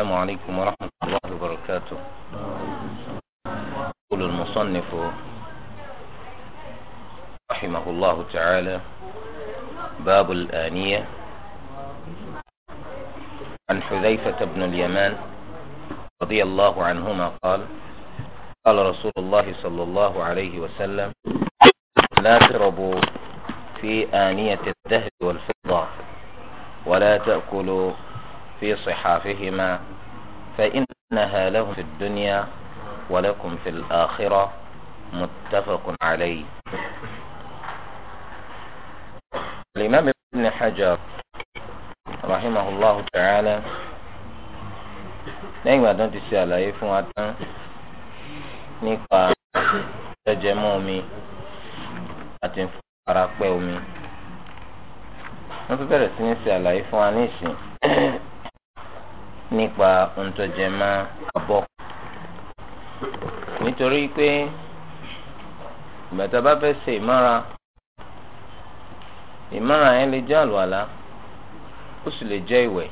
السلام عليكم ورحمة الله وبركاته يقول المصنف رحمه الله تعالى باب الآنية عن حذيفة بن اليمان رضي الله عنهما قال قال رسول الله صلى الله عليه وسلم لا تربوا في آنية الذهب والفضة ولا تأكلوا في صحافهما فإنها لهم في الدنيا ولكم في الآخرة متفق عليه الإمام ابن حجر رحمه الله تعالى نعم لا تسأل أي فواتا نقا تجمومي أتنفر أقوى أمي نفبرة سنسأل أي فوانيسي nípa ntọ́jẹ̀mọ́ abọ́ nítorí pé ìgbàtà bá fẹ́ ṣe ìmọ́ra ìmọ́ra yẹn lè jẹ́ àlùwàlá ó sì lè jẹ́ ìwẹ̀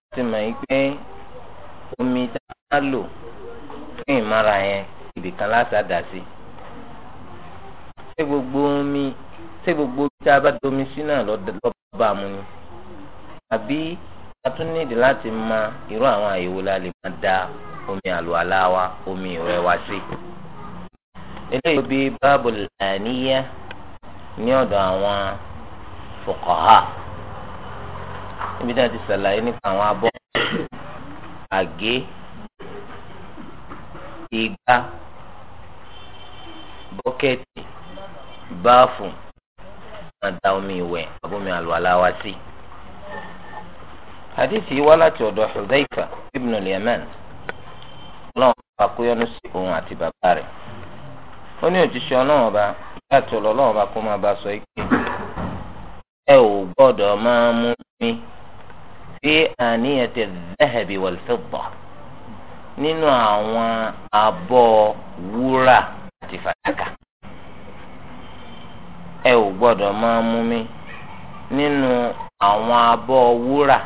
láti mọ̀ yìí pé omi tá a lò fún ìmọ́ra yẹn ibìkan láti àdá sí ṣé gbogbo omi ṣé gbogbo omi tá a bá domi sí náà lọ́ọ́ bá àbí a tún nídìí láti mọ irú àwọn àyèwò la lè máa da omi àlùwàlá wa omi ìwẹ̀ wa sí. eléyìí bí báàbù àníyá ní ọ̀dọ̀ àwọn fòkàhà níbi tí a ti sàlàyé nípa àwọn abọ́ àgé igbá bọ́kẹ́tì báàfù máa da omi ìwẹ̀ àbomi àlùwàlá wa sí. Si hadithi yìí wá láti ọ̀dọ̀ Hudhaifa ibn al-Yaman ọlọ́run bá kóyọ́nù sí òun àti bàbá rẹ̀ ó ní òjíṣẹ́ ọlọ́run ọba yàtọ̀ lọ́lọ́run ọba kó máa bá sọ ike ẹ ò gbọ́dọ̀ máa mú mi fi àníyàtẹ̀ dhahabi wal nínú àwọn abọ́ wúrà àti fàdákà ẹ ò gbọ́dọ̀ máa mú mi nínú àwọn abọ́ wúrà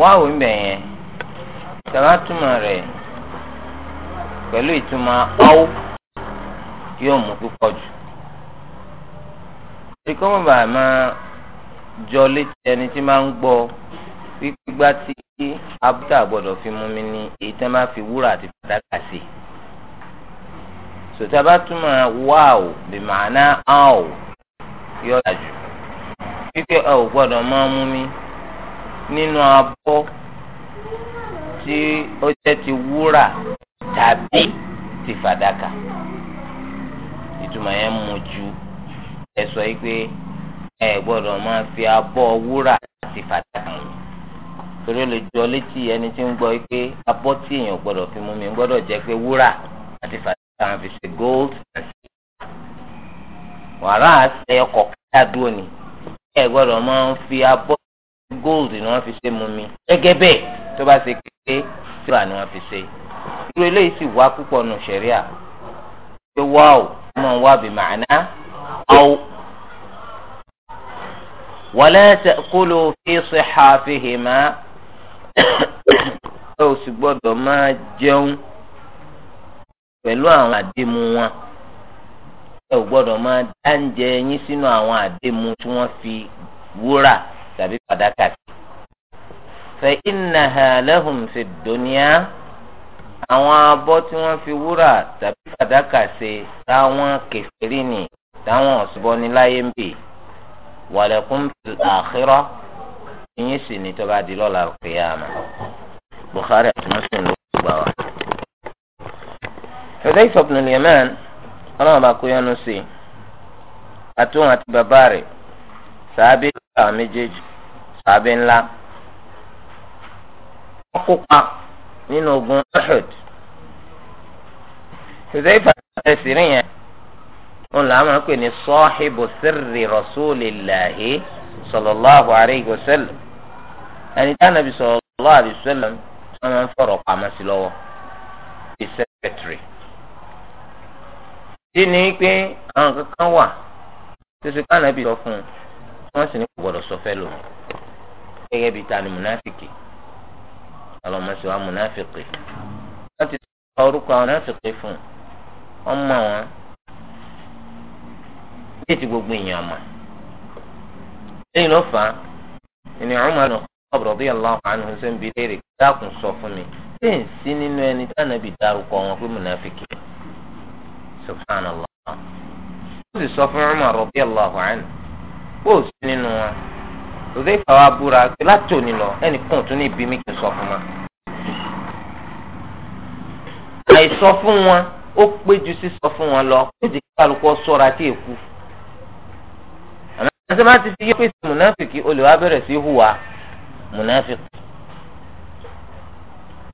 wáwò ń bẹ̀ yẹn sàbátùmọ̀ rẹ̀ pẹ̀lú ìtumọ̀ ọ́wọ́ yóò mú púpọ̀ jù. Ìkọ́ mọ̀ bàá máa jọ létí ẹni tí máa ń gbọ́ gbígbá tí abúlé àgbọ̀dọ̀ fi mú mi ní èyí tí máa fi wúrà àti fàdákà sí. Sòtá bá túmọ̀ wáwò bí màánà áwò yóò dájú. Wípé ẹ gbọ́dọ̀ máa mú mi nínú abọ́ tí ó jẹ́ ti wúrà tàbí ti fàdákà ìtumọ̀ yẹn mú ju ẹ sọ yìí pé ẹ gbọ́dọ̀ máa fi abọ́ wúrà ti fàdákà yìí torí ó lè jọ létí ẹni tí ń gbọ́ yìí pé abọ́ tí èèyàn gbọ́dọ̀ fi mú mi gbọ́dọ̀ jẹ́ pé wúrà àti fàdákà fi ṣe gold and silver wàrà àṣẹ ọkọ̀ káyà dúró ni ẹ gbọ́dọ̀ máa fi abọ́ gold ni wọ́n fi ṣe mu mi gẹ́gẹ́ bẹ́ẹ̀ tó bá ṣe pé sílà ni wọ́n fi ṣe irú eléyìí sì wá púpọ̀ nù sẹ̀ríà pé wá o ọmọ wa bì màánà ọ̀wọ́ wala ta'kulu fi sihafihima ẹ ò sì gbọ́dọ̀ máa jẹun pẹ̀lú àwọn àdému wọn ẹ ò gbọ́dọ̀ máa dáńjẹ yín sínú àwọn àdému tí wọ́n fi wúrà tàbí fàdákà sí. fẹ iná hàlẹ́hùn fi dòníà àwọn abọ́ tí wọ́n fi wúrà tàbí fàdákà ṣe táwọn kẹfẹ́rì nì táwọn ọ̀ṣùbọ́ ní láyé ń bì wàlẹ̀kùn àkírọ́ ìyẹn sì ní tọ́ba di lọ́la kìyàmà Bukhari àti Muslim ló gbà wá. ṣùgbọ́n ìsọ̀bùnú lèmẹ́n ọlọ́run bá kó yánu sí i àtúwọn àti bàbá rẹ̀ sàábé àwọn méjèèjì sàábé ńlá wọ́n kópa nínú ogun Uhud ṣùgbọ́n ìfàṣẹ sírí yẹn wọn là máa ń pè ní sọ́ọ́hìbù sírì rasulillahi sallallahu alayhi wa sallam ẹni tí anabi sallallahu alayhi wa sallam wọn máa ń fọ̀rọ̀ pamọ́ sí lọ́wọ́ bíi sẹ́kẹ̀tìrì. kí ni pé àwọn kankan wà tó ṣe ká anabi sọ fún un. wọ́n sì ní kò gbọ́dọ̀ sọ fẹ́ lò gẹ́gẹ́ bíi ta ni munafiki ọlọ́mọṣẹ́ wa munafiki wọ́n ti sọ orúkọ àwọn munafiki fún wọn wọn ti gbogbo èèyàn mọ̀ lẹ́yìn ló fà á ìní Umar Khattab radiyallahu anhu ṣe ń bi léèrè dákun sọ fún mi ṣé ń sí nínú ẹni tí ànábì dárúkọ wọn pé munafiki subhanallah sì sọ fún kó o si nínú wọn òfin ìfàwà búra pé láti òní lọ ẹnìkan tún ní ibi mi kì í sọ fún wọn. àìsọ fún wọn ó pé sísọ fún wọn lọ kó jẹ́ kí èkú. àmọ́ àti máa ti fi yẹ pé mùnáfìkì olùwà bẹ̀rẹ̀ sí hùwà mùnáfìkì.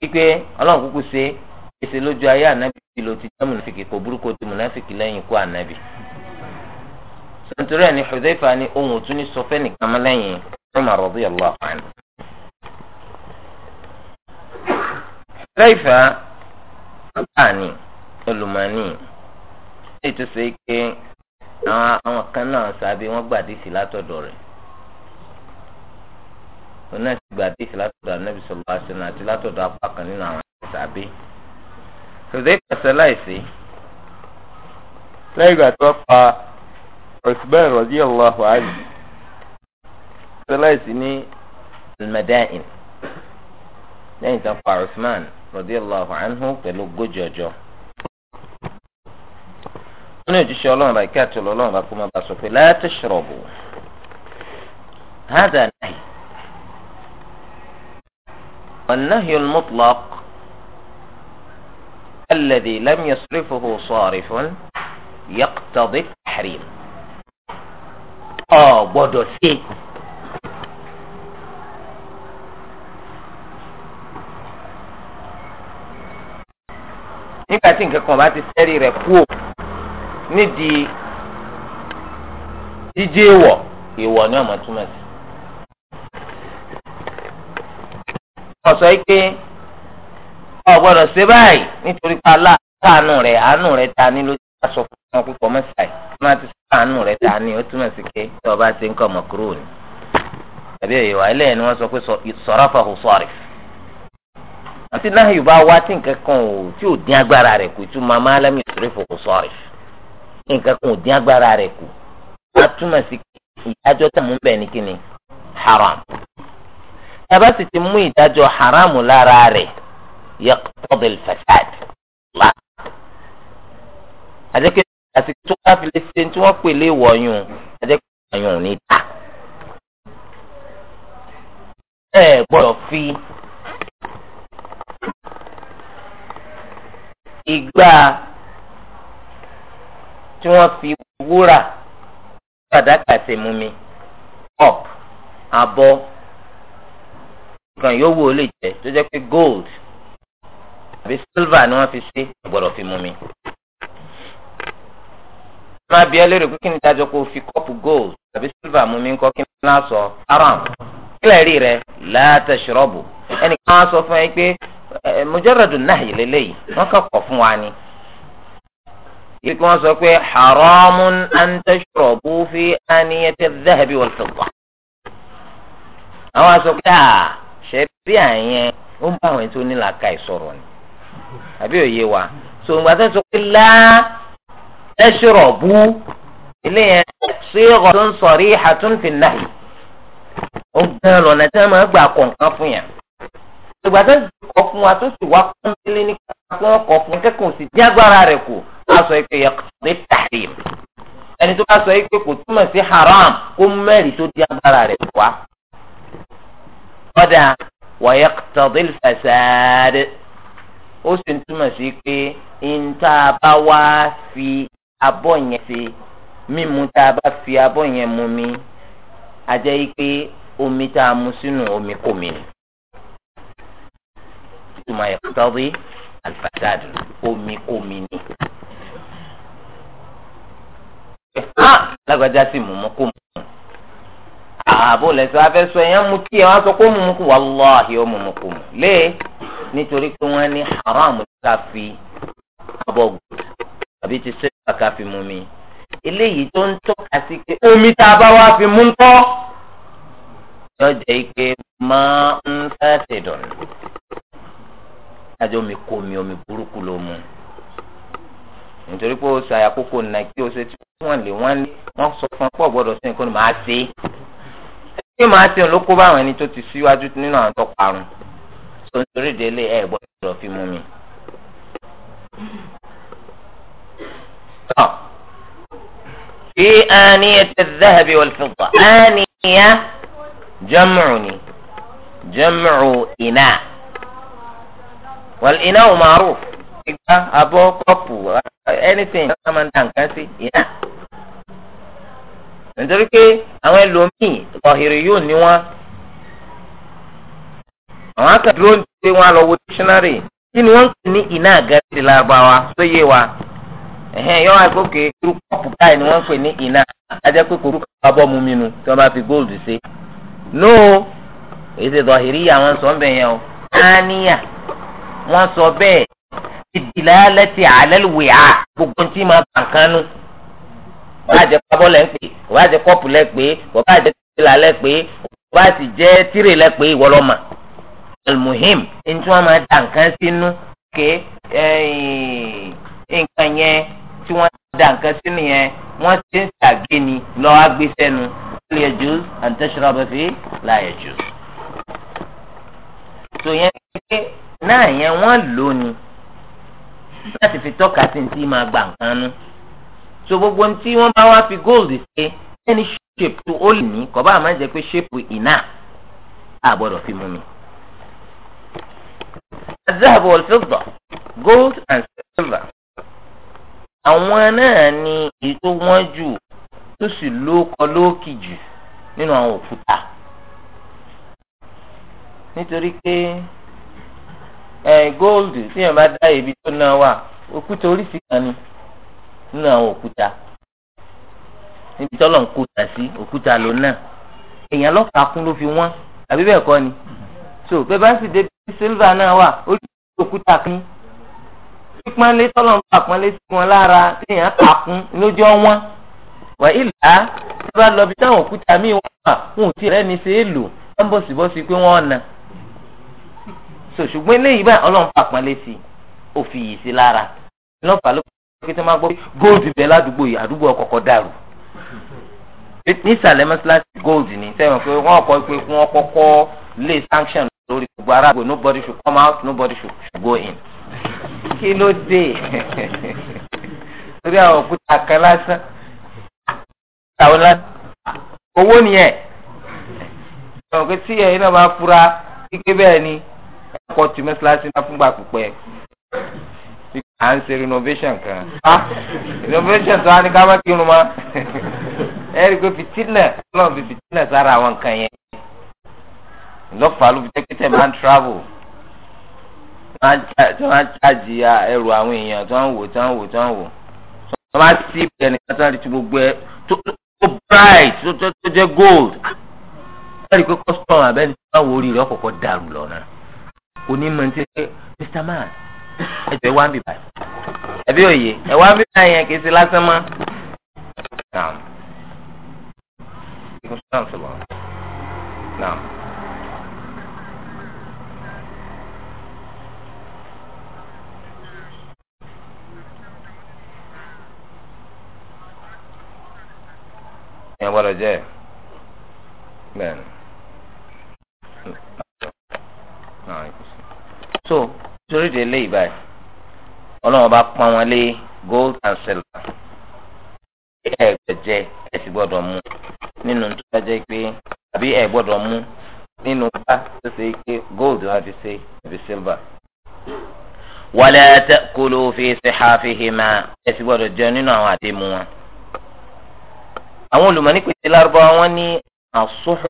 wípé ọlọ́run kúkú ṣe lójú ayé ànábì ló ti jẹ́ mùnáfìkì kò burúkú ti mùnáfìkì lẹ́yìn ikú nítorí ẹni Hudhayfa ni ohun òtún ní sọfẹ́ nìkan mọ́ lẹ́yìn Umar radiyallahu anhu. Hudhayfa báàní olùmọ̀ọ́nì lè tó ṣe pé àwọn kan náà sábẹ́ wọ́n gbàdísì látọ̀dọ̀ rẹ̀ wọn náà ti gbàdísì látọ̀dọ̀ Ànábì sallallahu alaihi àti látọ̀dọ̀ apá kan nínú àwọn sábẹ́. Hudhayfa sọ lẹ́yìn ìgbà tó pa. عثمان رضي الله عنه ثلاث سنين المدائن لين تبقى عثمان رضي الله عنه قالوا ججج انا جيش الله ركعت الله ركما بسوف لا تشربوا هذا نهي والنهي المطلق الذي لم يصرفه صارف يقتضي التحريم ọ gbọ́dọ̀ ṣe. nígbà tí nǹkan kan bá ti sẹ́rí rẹ̀ kúò nídìí jíjẹ́ ìwọ̀ ìwọ̀ ni ọmọ túmọ̀ sí. pé ọ ṣe báyìí nítorí pa aláàánú rẹ̀ àánú rẹ̀ ta ní ló ti sọ fún wọn kò pọ̀ máa ti sàánù rẹ̀ ta ni ó túmọ̀ sí pé tí ọba ti ń kọ́ ọmọ kúrò ni tàbí èyí wà ilé ni wọ́n sọ pé sọ̀rì àti náà wá tí nǹkan kan ò tí ò dín agbára kù ìtumọ̀ máa sọ̀rì nǹkan kan ò dín agbára kù túmọ̀ haram tàbá sì ti mú ìdájọ́ haram lára àti tó bá fi lè ṣe tí wọ́n pè lé wọ̀nyún ajẹ́ pé wọ̀nyún ní ta. ẹ gbọ́dọ̀ fi igbá tí wọ́n fi wúrà fàdákà ṣe mú mi cup abọ́ kan yòówù ó lè jẹ́ tó jẹ́ pé gold àbí silver ni wọ́n fi ṣe gbọ́dọ̀ fi mú mi máa bí ẹlẹ́rìí pé kí ni dájọ́ kó fi kọ́pù gold tàbí silver mú mi ń kọ́ kí ni náà sọ haram kílẹ̀ rí rẹ láti ṣọ́ọ̀bù ẹnìkan á sọ fún ẹ pé mọ̀jọ́rọ̀dù náà yìí lélẹ́yìí wọ́n kàn kọ́ fún wa ni. yìí kí wọ́n sọ pé haramun anta ṣọ́ọ̀bù fi aniyati dhahabi wal fidda. àwọn aṣọ pé àà ṣe bí àyẹn ó ń bá àwọn ètò onílàákà ìsọ̀rọ̀ ni àbí òye wa sòǹgbà ẹṣirọ̀bù eléyẹn ṣéèrọ̀ tó ń sọ̀rí àtúnfin náà ó gbẹ́ lọ́nà tí wọ́n máa gbà kọ̀ọ̀kan fún yàn. ìgbà tó kọ́ fún wa tó sì wá kọ́ńtẹ́lẹ́ ní kí wọ́n fún kẹ́kọ̀ọ́ sì dín agbára rẹ̀ kù á sọ pé yẹ ẹni tó bá sọ pé kò túmọ̀ sí haram kó mẹ́rin tó dín agbára rẹ̀ wá. ọ̀dà wa yaqtadil fasad ó sì túmọ̀ sí pé ìta fi abọ́ yẹn ṣe mímu tá a bá fi abọ́ yẹn mu mi a jẹ́ yí pé omi tá a mu sínú omi kò mi ni. ìtumọ̀ ẹ̀kọ́ tọ́wé alifasad omi kò mi ni. lágbájá sì mú mú kó mú ààbò lẹ́sẹ̀ afẹ́sọ yẹn mú kí ẹ wá sọ kó mú mú kó wàláhì ó mú mú kó mú lé nítorí pé wọ́n ní haram ká fi abọ́ gbòòrò àbí ti sílẹ̀ ká fi mu mi eléyìí tó ń tọ́ka sí pé omi tá a bá wá fi mú ń tọ́ yóò jẹ́ pé máa ń fẹ́ẹ̀sì dùn láti omi kó omi omi burúkú ló mu nítorí pé o ṣàyà kókó nà kí o ṣe tí wọ́n lè wọ́n lé wọ́n sọ fún ọ pọ̀ gbọ́dọ̀ sí nǹkan màá ṣe é ṣé màá ṣe ló kó báwọn ẹni tó ti síwájú nínú àwọn tó parun tó ń torí délé ẹ̀ gbọ́dọ̀ fi mú mi tán. fi àníyàtì zahabi wal fidda àníyà jam'u ni jam'u iná wal iná ò ma'ruf ìgbà abọ́ kọ́pù anything ká máa ń ta nǹkan sí iná nítorí pé àwọn ẹlòmíì ọ̀hìrì yóò ní wọn àwọn akadúró ń tẹ wọn lọ wo dictionary kí ni wọn ń pè ní iná àgàdì lárúbáwá tó yé wa. ẹ̀hẹ́n yọ wá gòkè irú kọ́ọ̀pù báyìí ni wọ́n ń pè ní iná ajẹ́ pé korúkọ bá bọ́ mu mi nu tí wọ́n bá fi góòlù ṣe. no èsì zọ̀hìrì àwọn sọ bẹ́ẹ̀ yẹn o áníyà wọn sọ bẹ́ẹ̀ ìdìlá lẹ́tì àlẹ́lùwẹ̀ á gbogbo tí ma bà kánú. bàbá àjẹ pábọ́ lẹ́ ń pè bàbá àjẹ kọ́ọ̀pù lẹ́ pè bàbá àjẹ tìlà lẹ́ pè bàbá àti jẹ́ tìrè lẹ́ pè ìwọlọ́mà. almuhim ní tí máa dà nǹkan sínú ké nǹkan yẹn tí wọ́n da nǹkan sí nìyẹn wọ́n ti ń tàgé ni lọ́wọ́ gbé sẹ́nu lè jùs and tashraba fi láyé jùs. tó yẹn pé náà yẹn wọ́n lò ní láti fi tọ́ka sí ti máa gbà nǹkan nú. tó gbogbo tí wọ́n bá wá fi góòlù ṣe ẹni ṣèpù tó ó lè ní kọ́ bá àmọ́ jẹ́ pé ṣèpù iná àgbọ̀dọ̀ fi mú mi. الذهب والفضة gold and silver àwọn náà ni èyí tó wọ́n jù tó sì lóko lóòkì jù nínú àwọn òkúta nítorí pé góòlù tí yẹn bá dá ibi tó náà wà òkúta oríṣi kan ni nínú àwọn òkúta níbi tọ́lọ̀ ń kúta sí òkúta ló náà èèyàn lọ́ka kún ló fi wọ́n àbí bẹ́ẹ̀ kọ́ ni so bẹ́ẹ̀ bá sì débi sílvà náà wà ó lè fi òkúta pípọ́nlé tọ́lọ́mù àpọ́nlé sí wọn lára téèyàn kàkún lójú ọwọ́n wà ìlà tí wọ́n lọ bí táwọn òkúta míì wọ́n wà wọn ò tí ì rẹ́ni ṣe é lò wọ́n bọ̀sibọ́sí pé wọ́n na ṣùgbọ́n eléyìí báyìí ọlọ́run àpọ́nlé sí ò fi yìí sí lára lọ́fà ló kí tó máa gbọ́ gold bẹ̀ ládùúgbò yìí àdúgbò ọkọ̀ọ̀kọ̀ dàrú nísàlẹ̀ mọ́sálásí gold ni sẹ́wọ̀n pé wọ́n kọ́ pé wọ́n kọ́kọ́ lé sanction lórí gbogbo aráàgbò nobody should come out nobody should go in kí ló dé torí àwọn òkúta kan lásán àwọn lásán owó nìyẹn ọ̀hún pé tí ẹ̀yin náà bá fura kíké bẹ́ẹ̀ ni ẹ̀kọ́ tì mẹ́sàlásí máa fúngbà pípẹ́ à ń ṣe renovation kan ah renovation tó a ní ká má kírun mọ́ ẹ rí i pé fìtínà ọlọ́run fi fìtínà sára àwọn nǹkan yẹn lọ́fàá ló fi jẹ́ kí tẹ̀ máa ń travel tí wọ́n á jáde ẹrù àwọn èèyàn tí wọ́n wò tí wọ́n wò tí wọ́n wò tí wọ́n bá sí ẹnìkan tí wọ́n ti gbogbo ẹ tó bright tó jẹ́ gold wọ́n rí i pé customer abẹ́ni tí wọ́n wò ó rí rẹ̀ ọ̀kọ̀ọ̀kọ̀ dàrú lọ́nà onímọ̀ ní ṣe Mr. Man ẹ jẹ́ wá ń bì báyìí ẹbí òye ẹ wá ń bì báyìí yẹn kì í ṣe lásán mọ́. Naam. Naam. yẹn gbọ́dọ̀ jẹ́ bẹ́ẹ̀ ni. so torí de lé ìbáyìí ọlọ́run bá pọ́n gold and silver ẹ gbẹ̀jẹ̀ ẹ sì gbọ́dọ̀ mú nínú tó bá jẹ́ pé àbí ẹ gbọ́dọ̀ mú nínú bá tó ṣe pé gold wọn fi ṣe àbí silver. wala ta'kulu fi sihafihima ẹ sì gbọ́dọ̀ jẹ nínú àwọn àdéhùn wọn àwọn olùmọ̀ nípa èdè lárúbáwá wọn ní àsúhà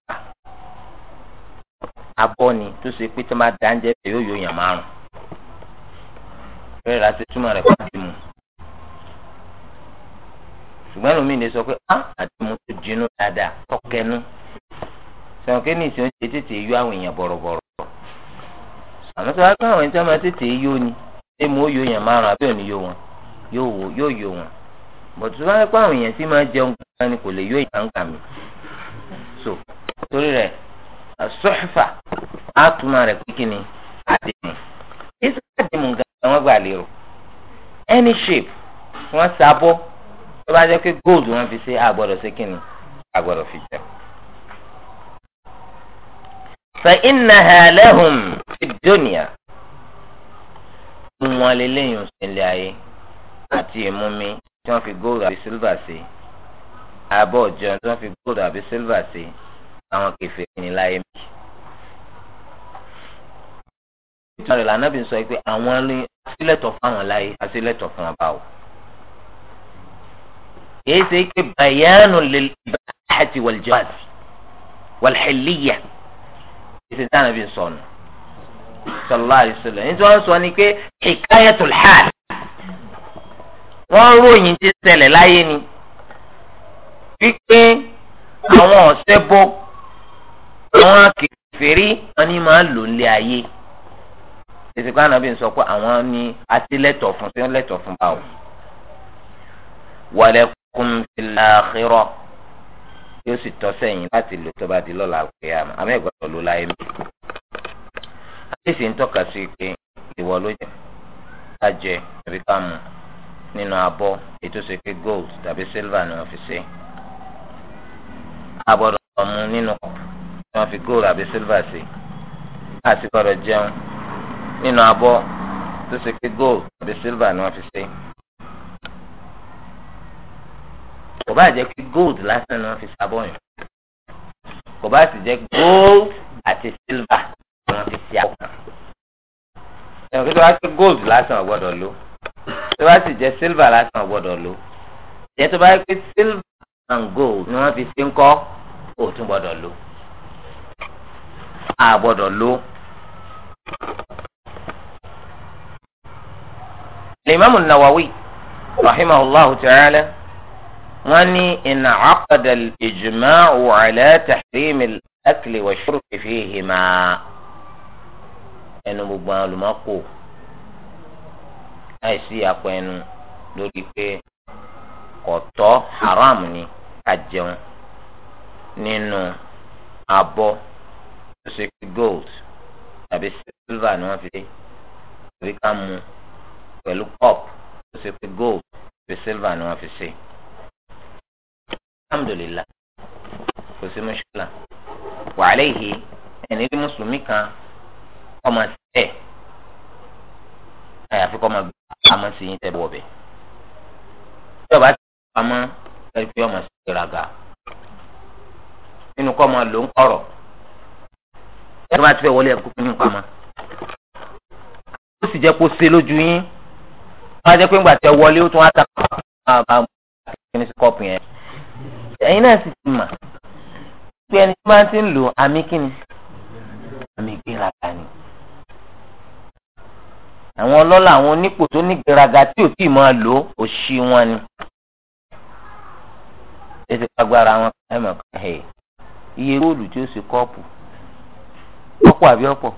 abọ́ni tó ṣe pé tó máa dáńjẹ́ bẹ̀ yóò yọ yàn márùn bẹ́ẹ̀ láti túmọ̀ rẹ̀ pàdé mu ṣùgbọ́n lómi lè sọ pé á àdìmú tó jinú dáadáa tọkẹnu sọ̀rọ̀ kí ni ìsìn oúnjẹ tètè yọ àwọn èèyàn bọ̀rọ̀bọ̀rọ̀ àmọ́ sọ wá pé àwọn ẹni tètè yọ ni ṣé mo yọ yàn márùn àbí òní yọ wọn yóò yọ wọn bọ̀tú bá pẹ́ àwọn èèyàn sì máa jẹun gan ni kò lè yó ìyàǹkà mi so torí rẹ̀ sọ́fà àtúmọ̀ rẹ̀ pé kí ni àdìmù ìsọ àdìmù gan wọ́n gbà lérò any shape wọ́n sábọ́ tó bá jẹ́ pé gold wọ́n fi ṣe àgbọ̀dọ̀ ṣe kí ni àgbọ̀dọ̀ fi jẹun. فإنها لهم في الدنيا ìmọ̀lélẹ́yìn òsèlè ayé àti ìmúmi tí wọ́n fi gold àbí silver ṣe àbọ̀ ọ̀jọ́ tí wọ́n fi gold àbí silver ṣe àwọn kẹfìrí ní láyé méjì. ìtumọ̀ rẹ̀ lànà bí n sọ pé àwọn ní asílẹ̀tọ̀ fún àwọn láyé asílẹ̀tọ̀ fún wọn báwò. kìí ṣe pé bayanu lil ibahati wal jawaz wal hiliyya kìí ṣe sọ nù sallallahu alaihi nítorí wọ́n sọ ni pé hikayatul hal wọ́n ròyìn ti ṣẹlẹ̀ láyé ni wípé àwọn ọ̀sẹ́bọ àwọn akèfèrí wọn ni máa lò ń lé ayé èsì kan ànábì ń sọ pé àwọn ni atilẹ̀tọ̀ fún sí lẹ́tọ̀ fún báwo. walakum fil akhirah yóò sì tọ́ sẹ́yìn láti lò tó bá di lọ́la àkúyàmù àmì ìgbọ́dọ̀ ló láyé mi. àti ìsìn ń tọ́ka sí pé ìwọ ló jẹ́ ká jẹ àbí ká mu nínú abọ́ ètò ṣe pé gold tàbí silver ni wọ́n fi ṣe àgbọ̀dọ̀ mu nínú cup tí wọ́n fi gold àbí silver ṣe àti gbọ́dọ̀ jẹun nínú abọ́ tó ṣe pé gold tàbí silver ni wọ́n fi ṣe kò bá jẹ́ pé gold lásán ni wọ́n fi ṣàbọ̀ yìí kò bá sì jẹ́ gold àti silver ni wọ́n fi ṣe àbọ̀ kan ẹ̀rọ tó wá pé gold lásán ò gbọ́dọ̀ lò tó bá sì jẹ́ silver lásán gbọ́dọ̀ lò jẹ́ tó bá yẹ pé silver and gold ni wọ́n fi ṣe ń kọ́ ó tún gbọ́dọ̀ lò a gbọ́dọ̀ lò. الإمام النووي رحمه الله تعالى واني إن عقد الإجماع على تحريم الأكل والشرب فيهما ẹnu gbogbo àwọn olùmọ́kò láìsí ìyàpọ̀ ẹnu lórí pé kọ̀tọ́ haram ni ká jẹun nínú abọ́ tó ṣe pé gold tàbí silver ni wọ́n fi dé tàbí ká mu pẹ̀lú cup tó ṣe pé gold tàbí silver ni wọ́n fi ṣe. alhamdulilah kò sí mọ́ṣúlá wàhálà yìí ẹni rí mùsùlùmí kan ọmọ sí àyàfi kọ́ máa gbé pamọ́ sí yín tẹ́ bọ̀ bẹ̀. tí ọba ti gbé pamọ́ ẹni pé ọmọ sí ìraga nínú kọ́ máa lò ń kọ̀rọ̀ ẹni bá ti fẹ́ wọlé ẹ̀kú nínú pamọ́. ó sì jẹ́ kó ṣe lójú yín wọ́n á jẹ́ pé ńgbà tí ẹ wọlé ó tún á ta kíni sí kọ́ọ̀pù yẹn. ẹ̀yin náà sì ti mà pé ẹni tí wọ́n ti ń lò àmì kíni àmì ìgbéraga àwọn ọlọ́lá àwọn onípò tó ní gbéraga tí ò tí ì máa lò ó ṣí wọn ni. ètò agbára wọn ẹ mọ̀ ẹ́ iye góòlù tí ó ṣe kọ́ọ̀pù ọ̀pọ̀ àbí ọ̀pọ̀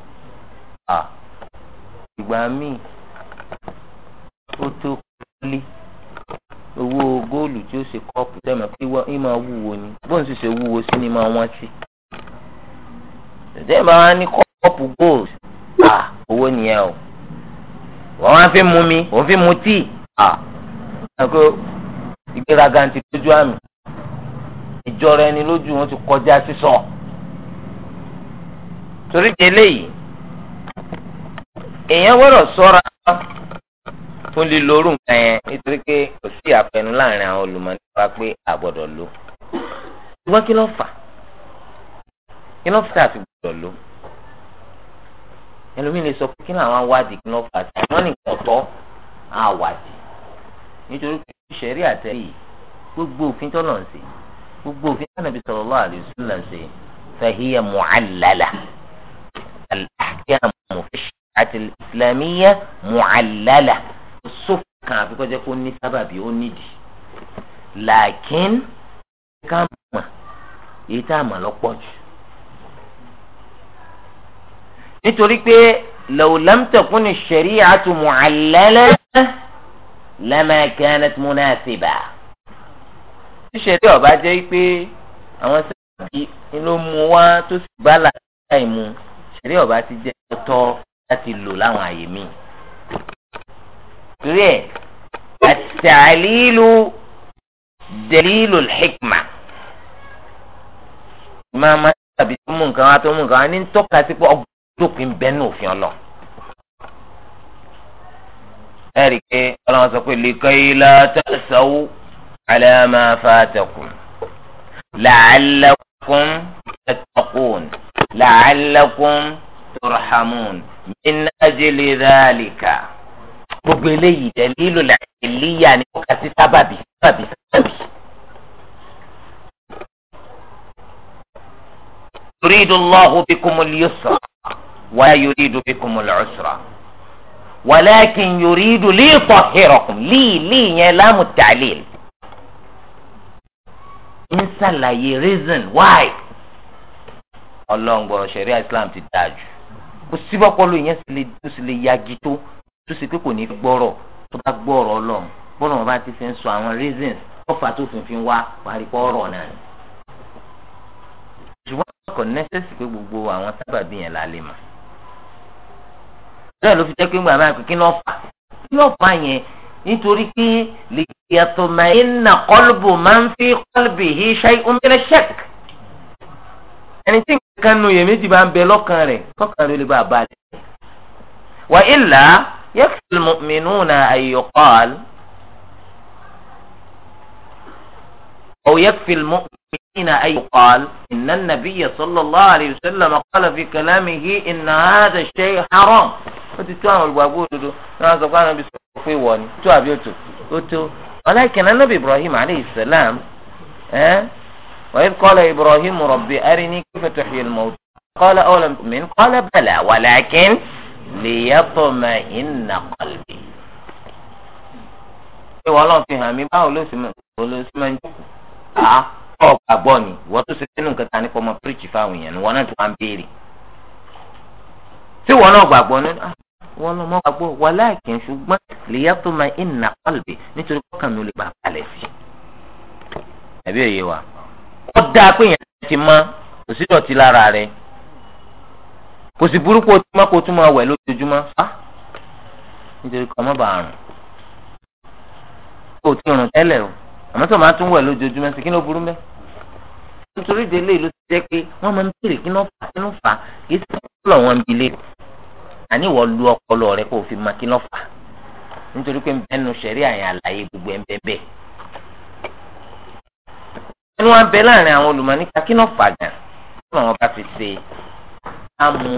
ìgbà míì ó tó kọ́lé owó góòlù tí ó ṣe kọ́ọ̀pù tẹ́mọ̀ pé í máa wúwo ni bóun sì ṣe wúwo sí ni máa wọ́n sí. ìdẹ́gbàá ní kọ́ọ̀pù góòlù owó nìyẹn o wọ́n wá fi mú mi òun fi mú tíì à ẹ̀kọ́ ìgbéraga ti dojú àmì ìjọra ẹni lójú wọn ti kọjá sísọ torí délé yìí èèyàn gbọ́dọ̀ ṣọ́ra fún lílo orú nǹkan yẹn nítorí pé kò sí àfẹnu láàrin àwọn olùmọ̀ nípa pé àgbọ́dọ̀ lò ṣùgbọ́n kí ló fà kí ló fà tá a fi lò ẹlòmíì lè sọ pé kí làwọn awádìí kí lọ́ọ́ fàájì wọ́n ní ọ̀tọ́ àwádìí nítorí pé ìṣẹ̀rí àtẹ̀lé gbogbo òfin tó lọ́n sí gbogbo òfin tó nàbí sallallahu alaihi wasallam ṣe fahiya mu'allala al-ahkam fi shari'ati al-islamiyya mu'allala sófin kan àfikọ́jẹ́ kó ní sábàbí ó nídìí làákín ká mọ̀ èyí tá a mọ̀ lọ́pọ̀ jù nítorí pé law lam takun ash-shari'atu mu'allala lama kanat munasiba. tí sẹ̀rí ọ̀bá jẹ́ pé àwọn sábàbí ló mú wá tó sì bá làákàyè mu sẹ̀rí ọ̀bá ti jẹ́ ọ̀tọ̀ láti lò láwọn àyè míì. torí ẹ̀ at-ta'lilu hikma máa máa sábàbí tó mú nǹkan wá tó mú nǹkan wá ní tọ́ka sí pé ọgbọ́n. tópin bẹ́ẹ̀ ní òfin ọlọ. ẹ rí i pé ọlọ́run sọ pé likai la ta'saw ala ma fatakum la'allakum tattaqun la'allakum turhamun min ajli dhalika gbogbo eléyìí dẹ dalilu làìlíyà ní wákàtí sábàbí sábàbí sábàbí. yuridu Allahu bikumul yusra. wala yuridu bikumul usra walakin yuridu liyutahhirakum lí lí yẹn láàmú ta'lil ń ṣàlàyé reason why ọlọ́ngbọ̀rọ̀ ṣẹ̀ríà islam ti dáa jù kò síbọ̀pọ̀lù yẹn tó sì lè yagi tó tó sì pé kò ní gbọ́rọ̀ tó bá gbọ́rọ̀ ọlọ́run bọ́lọ̀ wọn ti fi ń sọ reasons ọ̀fà tó fìfin wá parí pọ̀ ọ̀rọ̀ ni. ṣùgbọ́n ọkọ̀ nẹ́sẹ̀sì pé gbogbo àwọn sábàbí yẹn la lè náà ló fi jẹ́ pé ń gbà máa pè kí ló fà kí ló fà yẹn nítorí pé lèyàtọ̀ máa ń nà kọ́lùbù máa ń fi kọ́lùbù yìí ṣe omíire ṣẹ́k. ẹni tí nǹkan nu iyèméjì bá ń bẹ lọ́kàn rẹ̀ tọ́kàn rẹ̀ ló bá bá rẹ̀. wà á ilà yẹ́kìlì mìíràn na àyọ̀kọ́ àl. أو يكفي المؤمن أين أي قال إن النبي صلى الله عليه وسلم قال في كلامه إن هذا الشيء حرام وتتوى أنا البابور أنا سبحان واني ولكن النبي إبراهيم عليه السلام ها وإذ قال إبراهيم ربي أرني كيف تحيي الموت قال أولم تؤمن قال بلى ولكن ليطمئن قلبي إيه والله في هامي hàn من báwo ló ọ̀gbàgbọ́ ni wọ́n tó ṣe sínú nǹkan ta ni kò mọ píríkì fáwọn èèyàn ni wọ́n náà tó máa ń béèrè. tí wọ́n náà gbàgbọ́ ni ah, wọ́n lọ́mọ gbàgbọ́ walakin ṣùgbọ́n lèyà tó máa ń nà qalbi nítorí kọ́kàn mi ò lè bá a balẹ̀ sí. ẹ̀bí òye wa ó dáa pé èèyàn ti mọ kò sí dọ̀tí lára rẹ̀ kò sì burúkú o ti mọ kó o tún máa wẹ̀ lójoojúmọ́ fa ah, nítorí kọ́ mọ́ bá àrùn kó o ti rùn tẹ́lẹ̀ o àmọ́ tó máa tún wẹ̀ lójoojúmọ́ sí kí ló burú mẹ́ nítorí délé ló ti jẹ́ pé wọ́n máa ń bèrè kí ló fà kí ló fà kì í sì lọ wọn bí lé àní ìwọ lu ọpọlọ rẹ kó o fi máa kí ló fà nítorí pé ẹnu sẹ̀rí àyàn àlàyé gbogbo ẹ̀ ń bẹ́ẹ̀ bẹ́ẹ̀. ẹnu wa bẹ láàrin àwọn olùmọ̀ nípa kí ló fà gan kí làwọn bá fi ṣe ámú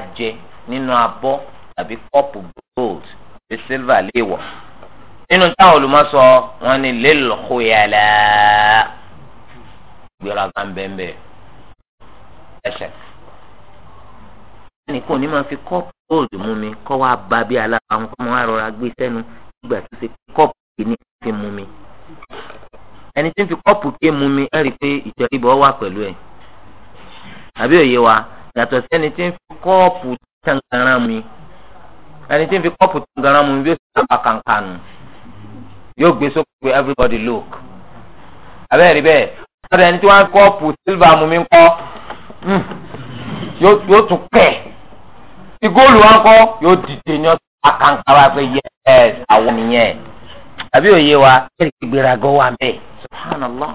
àti nínú abọ́ tàbí kọ́ọ̀pù gold àti silver léèwọ̀ nínú táwọn olùmọ̀ sọ wọn ni lè lọ́kọ̀ọ́yàlá ìgbéraga ń bẹ́ẹ̀ bẹ́ẹ̀ ẹ̀ṣẹ̀. ẹnìkan ní máa fi kọ́ọ̀pù góòlù mú mi kọ́ wá ba bí alára àwọn kọ́mọ rọra gbé sẹ́nu nígbà tó ṣe kọ́ọ̀pù kìíní fi mú mi. ẹni tí ń fi kọ́ọ̀pù ké mú mi ẹ̀ rí i pé ìtẹ̀ríbọ̀ wà pẹ̀lú ẹ̀. àbí òye wa yàtọ̀ sí ẹni tí ń fi kọ́ọ̀pù tàǹgàrà mu ẹni tí ń fi kọ́ọ̀pù tàǹgàrà mu yóò sábà kàǹkàǹ yóò gbé sókè everybody look. àbẹ́rẹ́ bẹ́ẹ̀ ọ̀dọ̀ ẹni tí wọ́n kọ́ ọ̀pù sílvà mú mi kọ́ hmm. yóò tún kẹ̀. tí góòlù wọn kọ́ yóò dìde ní ọ̀sán akáǹkárá pé yẹ́s àwọn nìyẹn. àbí òye wa kẹ́rì gbéraga wà bẹ́ẹ̀ subhanallah.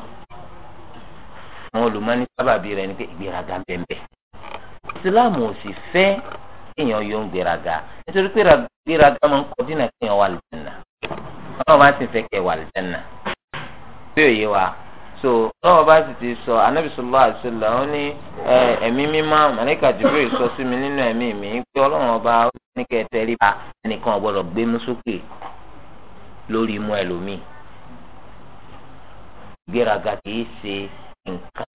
àwọn olùmọ́ni sábàbí rẹ̀ ni pé ìgbéraga ń bẹ̀ ń bẹ̀. ìsìláàmù ò sì fẹ́ kéèyàn yóò ń gbéraga nítorí pé gbéraga máa ń kọ dínà kéèyàn wà lìjẹ́nà. wọ́n máa sì fẹ́ kẹ́ wà lìjẹ́nà. bí òye wa so lọ́wọ́ bá sì ti sọ anabi sọlá àṣẹlẹ̀ ó ní ẹ̀mí mímọ́ màlíkà jibril sọ sí mi nínú ẹ̀mí mi pé ọlọ́run ọba ní kẹtẹ rí ba ẹnìkan ò gbọ́dọ̀ gbé mú sókè lórí imú ẹlòmíì gbéraga kìí ṣe nǹkan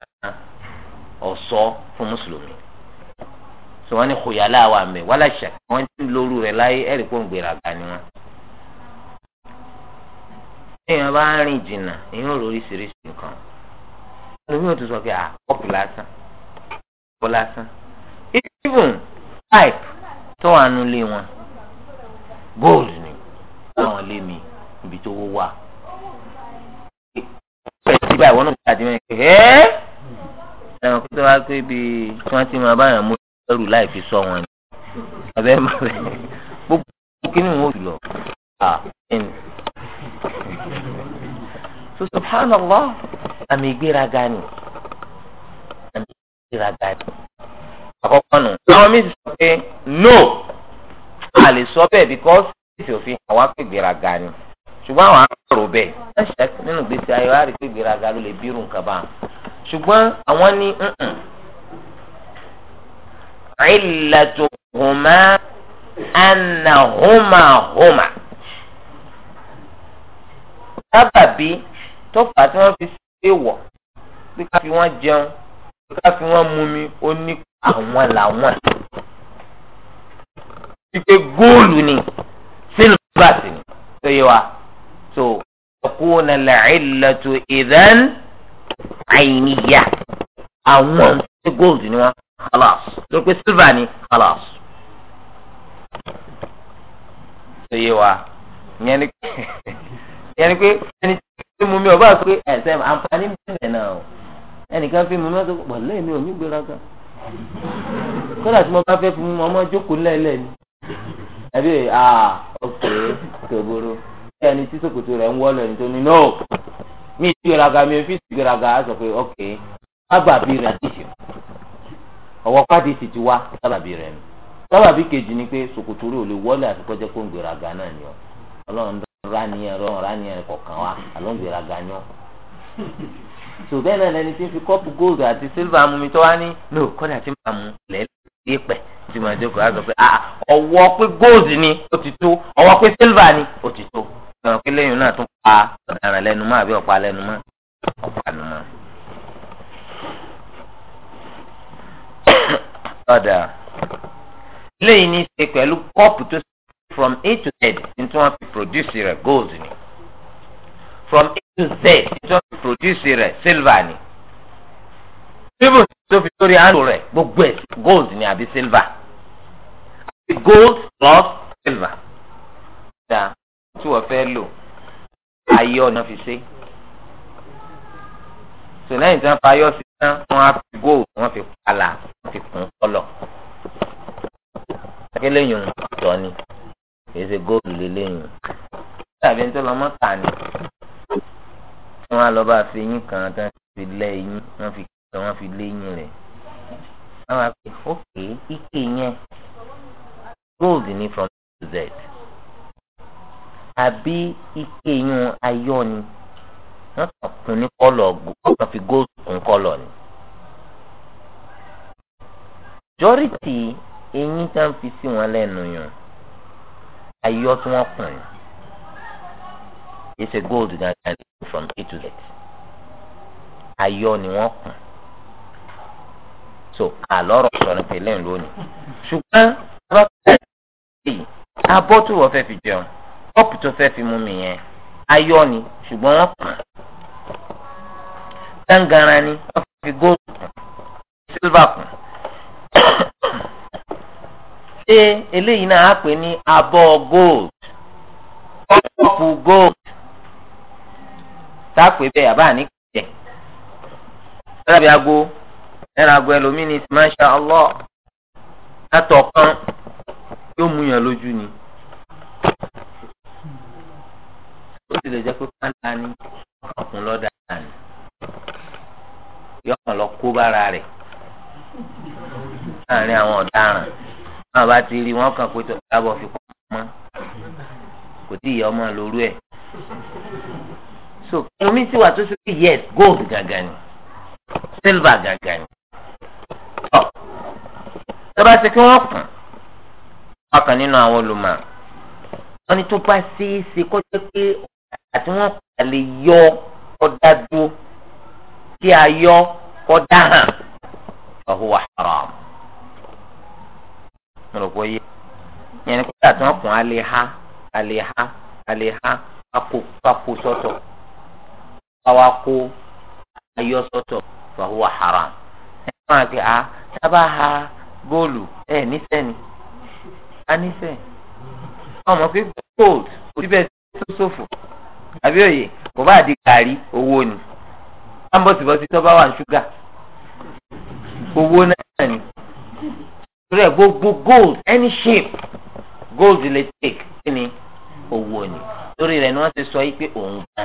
ọ̀ṣọ́ fún mùsùlùmí sọ wọn ní kòyàlá wa mẹ wàlàṣà wọn ti lóru rẹ láyé ẹ̀rí kó ń gbéraga ni wọn èèyàn bá ń rìn jìnnà èèyàn rò oríṣiríṣi nǹkan ẹlòmíì ò tún sọ pé à ah, kọ́ọ̀pù lásán kọ́ọ̀pù lásán even pipe tó wà nù lé wọn gold ni àwọn lé mi ibi tó wó wà ẹtì báyìí wọn náà ti àdìmọ ẹ ẹ ẹwọn kó tó wá pé bí tí wọn ti máa báyàn mú ẹrù láì fi sọ wọn ni abẹ máa bẹ gbogbo kí ni wọn ò lọ. Ah, so subhanallah àmì ìgbéraga ni àmì ìgbéraga ni àkọ́kọ́ nù. àwọn míì sọ pé no a lè sọ bẹ́ẹ̀ because ìfẹ́ òfin àwọn àpègbéraga ni ṣùgbọ́n àwọn àrò bẹ́ẹ̀ wọ́n ṣe nínú gbèsè ayọ̀ wá rí pé gbèrágà ló lè bírù nǹkan ṣùgbọ́n àwọn ní ìlàtòhùnmá ànàhùnmáhùnmá sábàbí tọ́pà tí wọ́n fi ṣe wọ̀ pé ká fi wọ́n jẹun pé ká fi wọ́n mumi ó ní àwọn làwọn. Ìpè góòlù ni sílùbà sí ni tó yẹ wa tó ọkùnrin náà làílẹ̀tò ìdán àìníyà àwọn ṣe góòlù ni wọ́n khalas lórí pé sílùbà ni khalas. Tó yẹ wa ìyẹn ni pé ẹni tí fi mú mi ọba sọ pé ẹsẹ àǹfààní bẹ̀rẹ̀ náà o ẹnìkan fi mú mi ọsọ pọ̀ lẹ́yìn mi ò ní gbéraga kódà tí mo bá fẹ́ fún mi ọmọ jókòó lẹ́lẹ́ ni ẹbí ah ok tòboro bí ẹni tí sòkòtò rẹ̀ ń wọ́ lẹ́ni tó ní no mi ti gbéraga mi ò fi ti gbéraga á sọ pé ok sábàbí rẹ̀ ti ṣe ọwọ́ pàdé ti ti wá sábàbí rẹ̀ ni sábàbí kejì ni pé sòkòtò rẹ̀ ò lè wọ́lẹ̀ àti kọjá kó ń gbéraga náà ni ọ ra ni ẹ̀rọ ra ni ẹ̀rọ kọ̀ọ̀kan wa àlọ́ ń gbéra ganyọ́. tó bẹ́ẹ̀ náà lẹni tí ń fi kọ́ọ̀pù gold àti silver mu mi tó wá ní no kọ́dà tí màá mu lẹ́lẹ́ pẹ̀ tí màá jókòó á sọ pé ah, ọwọ́ pé gold ni ó ti tó ọwọ́ pé silver ni ó ti tó ọ̀rọ̀ pé lẹ́yìn náà tún pa ọ̀daràn lẹ́nu mọ́ àbí ọ̀pá lẹ́nu mọ́ ọ̀pá lẹ́nu mọ́. ọ̀dà lẹ́yìn ní í ṣe pẹ̀lú kọ́ọ̀pù tó from A to Z into tí wọ́n fi produce rẹ̀ gold ni from A to Z into tí wọ́n fi produce rẹ̀ silver ni even tó fi sórí àlò rẹ̀ gbogbo ẹ̀ gold ni àbí silver àbí gold plus silver. da tí wọ́n fẹ́ lò ayé ọ̀nà fi ṣe tò lẹ́yìn tí wọ́n fa ayọ́ sí tán wọ́n á fi gold wọ́n fi pààlà wọ́n fi kún kọ́lọ̀. akẹ́lẹ́yìn ọ̀tọ̀ ni kìí ṣe góòlù lélẹ́yìn tàbí nítorí ọmọ kà ní wọn á lọ bá fi eyín kan tán fi lẹ eyín wọn fi kí wọn fi lé eyín rẹ wọn wá pé ókè ike yẹn gold ni from Z àbí ike yẹn ayọ̀ ni wọn kàn kún ní kọlọ wọn kàn fi gold kún kọlọ ni majority eyín tán fi sí wọn lẹ́nu yàn ayọ́ tí wọ́n kùn yìí ṣe gold gangan from a to z ayọ́ ni wọ́n kùn so àlọ́rọ̀ sọ̀rọ̀ pẹ̀lẹ́ lónìí ṣùgbọ́n rọ́pẹ́ yìí abọ́ tó wọ́n fẹ́ fi jẹun kọ́ọ̀pù tó fẹ́ fi mú mi yẹn ayọ́ ni ṣùgbọ́n wọ́n kùn gángan ni wọ́n fi gold kùn silver kùn ṣé eléyìí náà á pè ní abọ́ gold kọ́pù gold tá a pè bẹ́ẹ̀ àbá ní kẹ̀kẹ́ lábẹ́ aago ẹ̀rọ aago ẹlòmíì masha allah látọ̀ kan yóò mú yàn lójú ni ó sì lè jẹ́ pé kánà ni ọ̀kùn lọ́dà ni yọkàn lọ kó bára rẹ̀ láàrin àwọn ọ̀daràn náà bá ti rí wọn kàn pé tó dábọ̀ fi kọ́ mọ́ kò tí ìyá ọmọ lóru ẹ̀ so omi sì wà tó ṣe pé yes gold gàgà ni silver gàgà ni ọ tọ́ba ti kí wọ́n kàn wọ́n kàn nínú àwọn olùmọ̀ wọ́n ní tó bá ṣeé ṣe kó jẹ́ pé àti wọ́n kà lè yọ ọ̀dà dúró kí a yọ ọ̀dà hàn ọ̀hún wà haram mo rò pé yé yẹn ni kódà tí wọ́n kùn á lè ha á lè ha á lè ha kápò kápò sọ́tọ̀ káwa kó ayọ́ sọ́tọ̀ fàhùwà haram ẹ máa pe a sábà ha góòlù ẹ níṣẹ́ ni a níṣẹ́ ọmọ pé gold síbẹ̀ tó ṣòfò àbí òye kò bá di gàrí owó ni ambọ̀sibọ̀sí tó bá wà ní ṣúgà owó náà ni rẹ̀ gbogbo gold any shape gold lè take kí ni owó ni torí rẹ̀ ni wọ́n ti sọ yìí pé òun gbà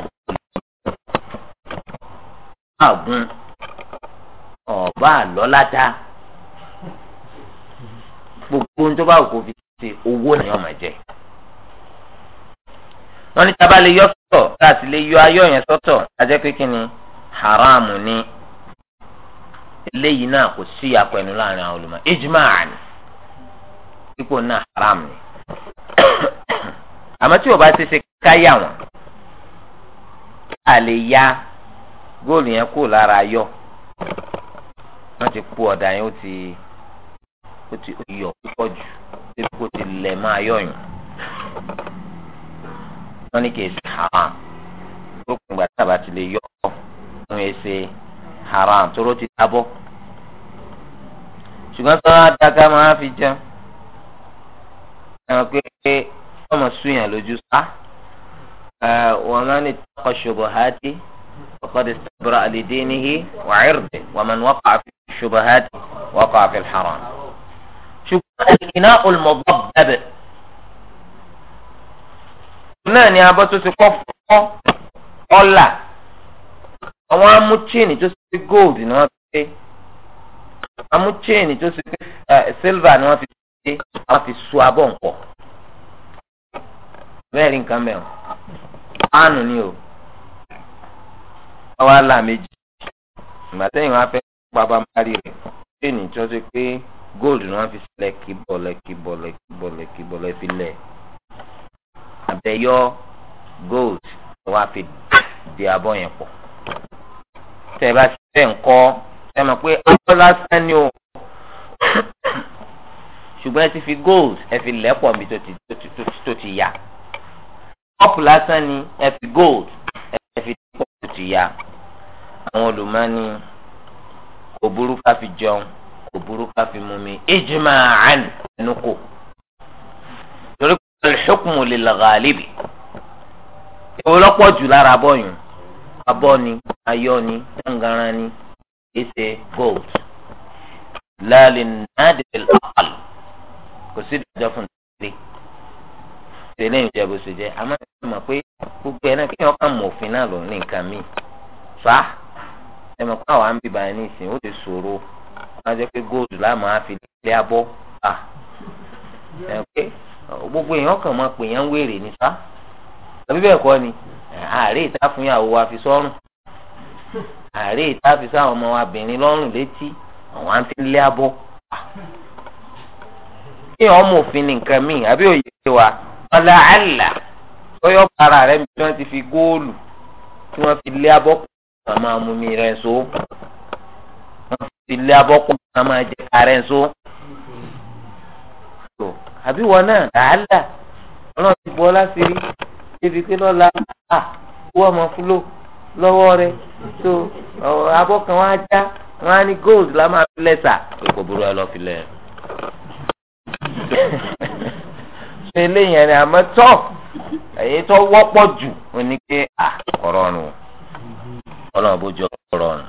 àgùn ọ̀bá àlọ́láta gbogbo ohun tó bá kò fi ṣe owó ni ọmọ jẹ. wọ́n ní tábà lè yọ sọ́tọ̀ tá a sì lè yọ ayọ̀ yẹn sọ́tọ̀ a pé kí ni haramu ni eléyìí náà kò sí apẹnu láàrin àwọn olùmọ̀ ijmaa ni ipò náà haram ni àmọ́ tí o bá ti ṣe káyà wọn a lè ya góòlù yẹn kúrò lára yọ wọ́n ti kú ọ̀dà yẹn ó ti ó ti yọ púpọ̀ jù débi kó ti lẹ̀ máa yọ̀yàn wọ́n ní kì í ṣe haram ó kùn gbàtà bá ti lè yọ ọ́ fún ẹsẹ̀ haram tóró ti dábọ́ ṣùgbọ́n tó wá dáká máa fi jẹun ẹ̀wọ̀n pé ọmọ sùnyàn lójú sá wọ́n máa ní tọkọ ṣubuhati ọkọdé sábúrò àlìdé níhi wàcírde wọ́n máa ní wọ́n kọ́ àfi ṣubuhati wọ́n kọ́ àfi haram. ṣùgbọ́n àlìkìnnà olùmọ̀gbọ́ bẹ̀bẹ̀ náà ni abọ́ tó ti kọ́ fọ́ ọ́là àwọn amú chain tó sí gold ni wọ́n fi ṣe amú chain tó ṣe pé eh, silver ni wọ́n fi ṣe wọ́n fi so abọ́ nǹkan bẹ́ẹ̀ rí nǹkan mẹ́wọ̀n páànù ni o wọ́n wá là méjì ìgbà sẹ́yìn wọn á pàápàá parí rẹ̀ chain tó ṣe pé gold ni wọ́n fi ṣe lẹ́kì bọ̀ lẹ́kì bọ̀ lẹ́kì bọ̀ lẹ́kì bọ̀ gold wọ́n á fi di abọ́ yẹn pọ̀ tẹ̀ bá ṣe ńkọ́ ẹ mọ̀ pé ọkọ lásán ni o ṣùgbọ́n ẹ ti fi gold ẹ fi lẹ́pọ̀ mi tó ti yá kọ́pù lásán ni ẹ fi gold ẹ fi lẹ́pọ̀ tó ti yá àwọn olùmọ́ni kò burú ká fi jẹun kò burú ká fi mú mi ìjìmọ̀ àánú ẹnu kò torí pé al-hukmu lil ìwọlọ́pọ̀ jù lára abọ́yùn abọ́ ayọ́ ni ni ese gold lálẹ́ nàdí àpàlù kò sí ìdájọ́ fún tẹ̀lé tẹ̀lé ìjẹ́ bó ṣe jẹ́ àmọ́ ẹ mọ̀ pé gbogbo ẹ̀ kí wọ́n kà mọ̀ òfin náà lọ ní nǹkan fa ẹ mọ̀ pé àwọn àmì báyìí nìsín ó ti ṣòro wọ́n á jẹ́ pé gold láàmú á fi lé abọ́ ẹ pé gbogbo èèyàn kàn ń ní fa àbí bẹ́ẹ̀ kọ́ ni àárẹ ìtàfi sáwọn ọmọ wa bìnrin lọ́rùn létí àwọn àti ńlẹ abọ. kí ọmọ òfin ní nǹkan míì àbí òye wa ọlá àlà lọyọ para rẹ mi tí wọ́n ti fi góòlù tí wọ́n fi lé abọ kù kàn máa mú mi rẹ so wọ́n fi lé abọ kù kàn máa jẹ kárẹ so. àbí wọn náà àlà ọlọ́run ti bọ́ láti rí débi pé lọ́la à wọ́n ọmọ fúlò lọ́wọ́ rẹ̀ so abọ́ kan wọ́n á já wọ́n á ní gold la máa fi lẹ́sà kò burú ẹ lọ fi lẹ́ ṣe eléyìí ẹni àmọ́ tọ́ èyí tó wọ́pọ̀ jù ó ní pé à ọ̀rọ̀ ọ̀run ọlọ́run bójú ọ̀rọ̀ ọ̀run.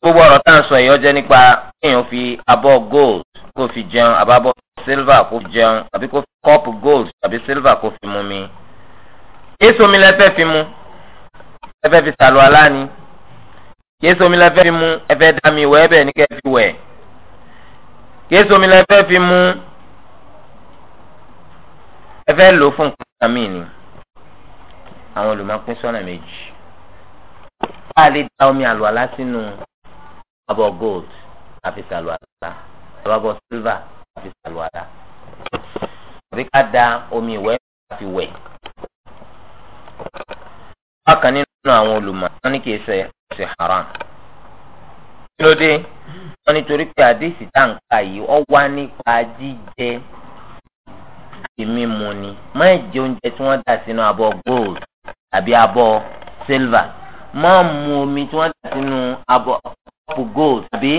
gbogbo ọ̀rọ̀ tá à ń sọ èèyàn jẹ́ nípa kéèyàn fi abọ́ gold kó fi jẹun àbábọ́ silver kó fi jẹun àbí kó fi kọ́ọ̀pù gold àbí silver kó fi mumi èso mi lẹ́fẹ́ fi mu ẹfẹ́ fi sàlù aláàní èso mi lẹ́fẹ́ fi mu ẹfẹ́ dá mi wẹ́ bẹ́ẹ̀ ní kẹ́ fi wẹ̀ èso mi lẹ́fẹ́ fi mu ẹfẹ́ lò fún nǹkan mi ni àwọn olùmọ̀pín sọ́nà méjì bá a lè dá omi àlù àlá sínú abọ́ gold àfi sàlù àlá abọ́ silver àfi sàlù àlá àbí ká da omi ìwẹ̀ àfi wẹ̀ bákan nínú àwọn olùmọ̀ wọn ní kì í ṣe haram kí wọn nítorí pé àdéhìí táǹkà yìí ọ wá nípa jíjẹ àti ni má jẹ oúnjẹ tí wọ́n dà sínú abọ́ gold àbí abọ́ silver má mu omi tí wọ́n dà sínú abọ́ kọ́pù gold àbí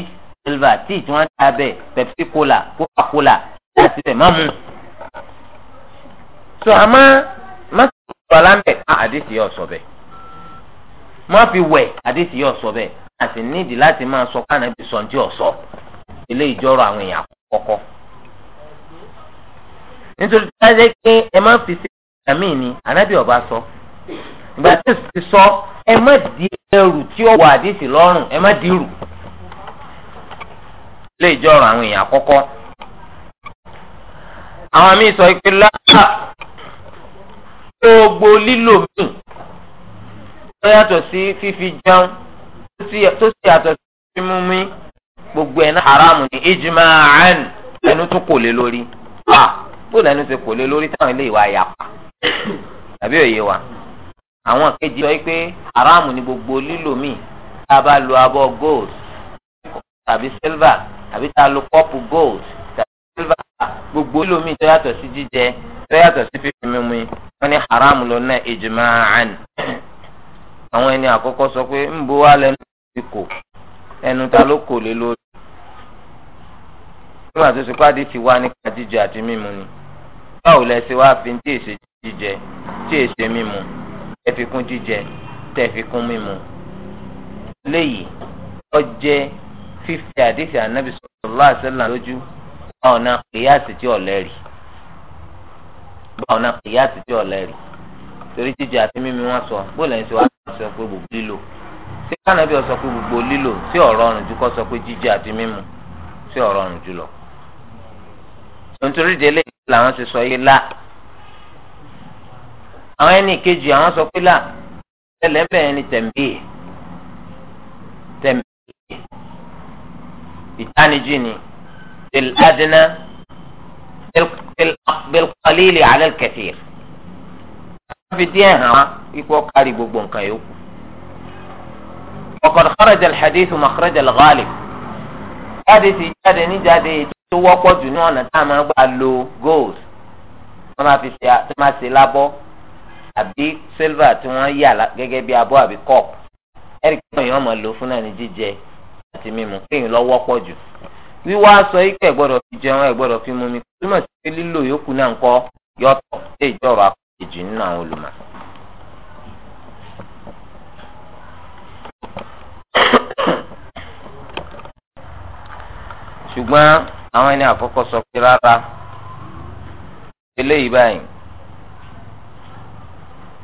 silver tíì tí wọ́n dà bẹ pepsi cola coca cola dà síbẹ̀ má mu. so àmọ́ má sọ̀rọ̀ láńbẹ̀ àdéhìí ọ̀sọ̀ bẹ́ẹ̀. má fi wẹ̀ àdìsí yóò sọ bẹ́ẹ̀ àti nídìí láti máa sọ ká nàbì sọ tí yóò ilé ìjọrọ àwọn èèyàn kọ́kọ́. nítorí tí wọ́n jẹ́ pé ẹ má fi ṣe àmì ni ànábì ọba sọ ìgbà tí ó ti sọ ẹ má di ẹrù tí ó wọ àdìsí lọ́rùn ẹ má dìrù ilé ìjọrọ àwọn èèyàn kọ́kọ́. àwọn míì sọ pé láàbà gbogbo lílò míì. tó yàtọ̀ sí fífi jẹun tó sì yàtọ̀ sí fífi mú mi gbogbo ẹ̀ náà haramu ni ijma'an ẹnu tún kò lé lórí pa bóòlù ẹnu ti kò lé lórí táwọn ilé ìwà yapa tàbí òye wa àwọn kejì sọ pé haramu ni gbogbo lílò míì tá a bá lo abọ́ gold tàbí silver tàbí tá a lo kọ́pù gold tàbí silver gbogbo lílò míì tó yàtọ̀ sí jíjẹ tó yàtọ̀ sí fífi mímu wọn ni haramu lọ náà ijma'an àwọn ẹni àkọ́kọ́ sọ pé ń bo wá lẹ́nu ti kò ẹnu ta ló kò lé lórí. nígbà tó ṣe pàdé ti wá nípa jíjẹ àti mímu ni báwo lẹ ṣe wáá fi tí èsè jíjẹ tí èsè mímu ẹ fi kún jíjẹ tẹ fi kún mímu. léyìí ó jẹ́ fífi àdéhìí ànábì sallallahu alaihi wasallam lójú báwọn náà kìí àsìtì ọ̀lẹ́rì báwọn náà kìí àsìtì ọ̀lẹ́rì torí jíjẹ àti mímu wọn sọ bóòlù ẹni tí wọn sọ pé gbogbo lílo tí kánábì sọ pé gbogbo lílo tí ọ̀rọ̀ ọ̀rùn jù kọ́ sọ pé jíjẹ àti mímu tí ọ̀rọ̀ ọ̀rùn jù lọ. nítorí délé làwọn ti sọ yé la àwọn ẹni kejì àwọn sọ pé la ẹlẹ́bẹ̀ ẹni tẹ̀m̀bíyè tẹ̀m̀bíyè ìtanijí ni tẹ̀lẹ́ adínà tẹ̀lẹ́ kọ́lílì alẹ́ kẹfìrì fi díẹ̀ hàn wá ikú ọkàrí gbogbo nǹkan yòókù. ọ̀kọ̀dọ̀ kọ́rẹ́jà hadith makọ́rẹ́jà lọ́ọ̀lì jáde ti jáde níjáde tó wọ́pọ̀ jù ní ọ̀nà tá a máa gbà lo gold wọ́n máa fi ṣe tó máa ṣe lábọ́ àbí silver tí wọ́n yà gẹ́gẹ́ bí abọ́ àbí cup ẹ̀rí kí wọ́n yàn máa lò fún náà jíjẹ àti mímu kéèyàn lọ wọ́pọ̀ jù wíwá aṣọ ikẹ̀ gbọ́dọ̀ fi jẹun ẹ̀ gbọ́dọ̀ fi mumi túmọ̀ sí pé lílo yòókù náà ń kọ́ yọ̀tọ̀ sí ìjọra kejì nínú àwọn olùmọ̀. ṣùgbọ́n àwọn ẹni àkọ́kọ́ sọ pé rárá eléyìí báyìí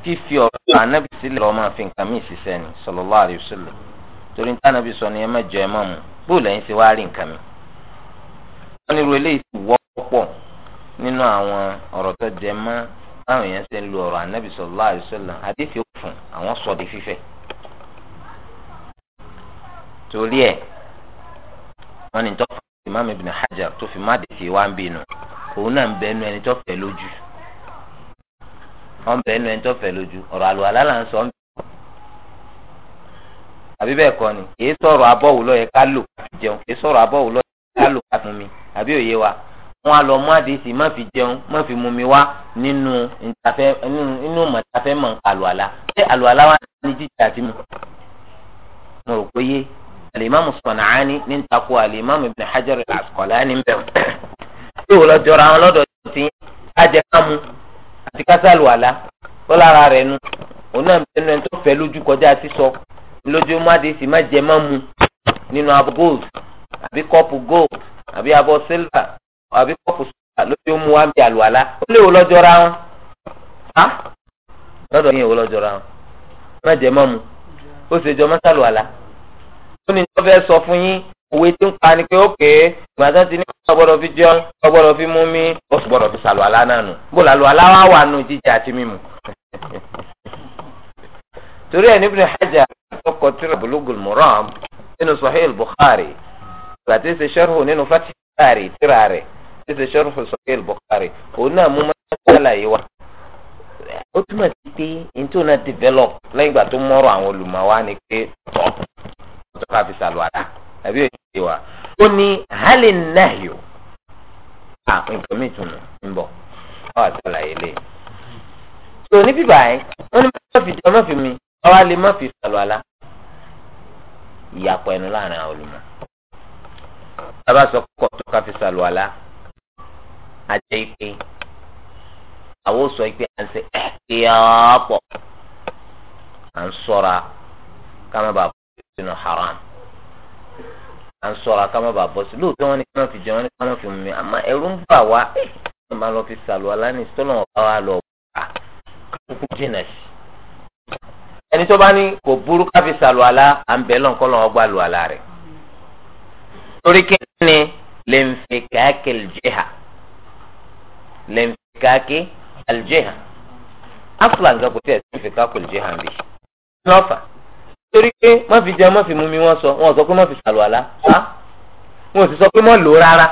fífi ọ̀rọ̀ ànábì sílẹ̀ ọmọ àfihàn kàmí ìṣiṣẹ́ ni sallallahu alaihi wasallam torí ní tànàbí sọ ni ẹ má jẹ ẹ má mu bóò lẹ́yìn ṣe wá rí nǹkan mi. wọ́n ní irú eléyìí ti wọ́pọ̀ nínú àwọn ọ̀rọ̀ tó jẹ mọ́ báwọn èèyàn ṣe ń lu ọ̀rọ̀ ànábì sallallahu alaihi wasallam fi fún àwọn di fífẹ́ torí ẹ̀ wọ́n ní tọ́fà Imam Ibn tó fi má fi wá ń bínú òun náà ń bẹ ẹnu ẹni tó lójú wọ́n bẹ ẹnu ẹni tó lójú ọ̀rọ̀ àlùwà lálà ń sọ ń bẹ àbí bẹ́ẹ̀ kọ́ ni èyí sọ̀rọ̀ mi àbí òye wa wọn á lọ mú àdéhìsì má fi jẹun má fi mumi wá nínú ntafẹ nínú inú mọtafẹ mọ àlùalá ṣé àlùalá wà ní jíjẹ àti mu. mo rò pé yé alimami San'ani ní ntakò alimami Ibn Hajar al-Asqalani ní bẹ̀rù. tí o lọ jọra àwọn lọ́dọ̀ tí ń kájẹ kámu àti kásá àlùalá tó rẹ̀ nu òun náà bẹ̀rù ẹni tó fẹ́ lójú kọjá sísọ lójú mú àdéhìsì má jẹ má mu nínú abọ́ gold àbí kọ́pù gold àbí abọ́ silver àbí kọ́ọ̀pù sọ́dà lórí ó mú wá bí àlùwàlá ó léwu lọ́jọ́ ra wọn á lọ́dọ̀ yín èwo lọ́jọ́ ra wọn má jẹ́ mọ́ mu ó ṣe jọ mọ́ sàlùwàlá ó ní tó fẹ́ sọ fún yín òwe tí ń pa ni pé ókè ìgbà ti ní kó gbọ́dọ̀ fi jẹun kó gbọ́dọ̀ fi mú mi ó gbọ́dọ̀ fi sàlùwàlá náà nù bó làlùwàlá wà wà nù jíjẹ àti mímu torí ẹni Ibn Hajar ọkọ tí Bulugul Maram nínú Sahih Bukhari gbàtí ṣe sharhu nínú Fath Bari tírà rẹ̀ ti ṣe ṣọ́rùfù sọ́kẹ́ Bukhari òun náà mú mọ́tàlá yìí wá ó túmọ̀ sí pé nítorí náà develop lẹ́yìn ìgbà tó mọ́rọ̀ àwọn olùmọ̀wá ni pé tọ́ tọ́ ká fi ṣàlùwàdà àbí òṣìṣẹ́ wa ó ní hali nahyo à nǹkan mi tún ń bọ̀ ọ́ àtàlàyé lé so ní bíbá yẹn wọ́n ní má fi jọ má fi mi ọ̀rọ̀ alẹ́ má fi ṣàlùwàdà ìyàpọ̀ ẹnu láàrin àwọn olùmọ̀ tábà sọ kọ́ tọ́ àjẹ́ ìpè àwọn ò sọ ìpè à ń ṣe ẹ̀kẹ́ pọ̀ à ń sọ̀ra ká má bàa bọ́ sínú haram à ń sọ̀ra ká má bàa bọ́ sí lóòótọ́ wọn ni ká má fi jẹun wọn ni ká má fi mú mi àmọ́ ẹ̀rù ń bà wá ẹ̀ ẹ̀ máa lọ fi sàlùwà lánìí tọ́lọ̀ wọn bá wa lọ bá kúkú jìnnà sí ẹni tó bá ní kò burú ká fi sàlùwàlá à ń bẹ̀ lọ́nkọ́ lọ́wọ́ gbà lùwàlá rẹ̀ torí kí ni lè ń fi kàákìlì jìhà lẹ́nfìkákì aljehan afla nǹkan kò tiẹ̀ lẹ́nfìkákì aljehan bi ní ọ̀fà torí pé má fi jẹun má fi mumi wọn sọ wọn sọ pé má fi sàlùwàlá sá wọn ò sì sọ pé má lò rárá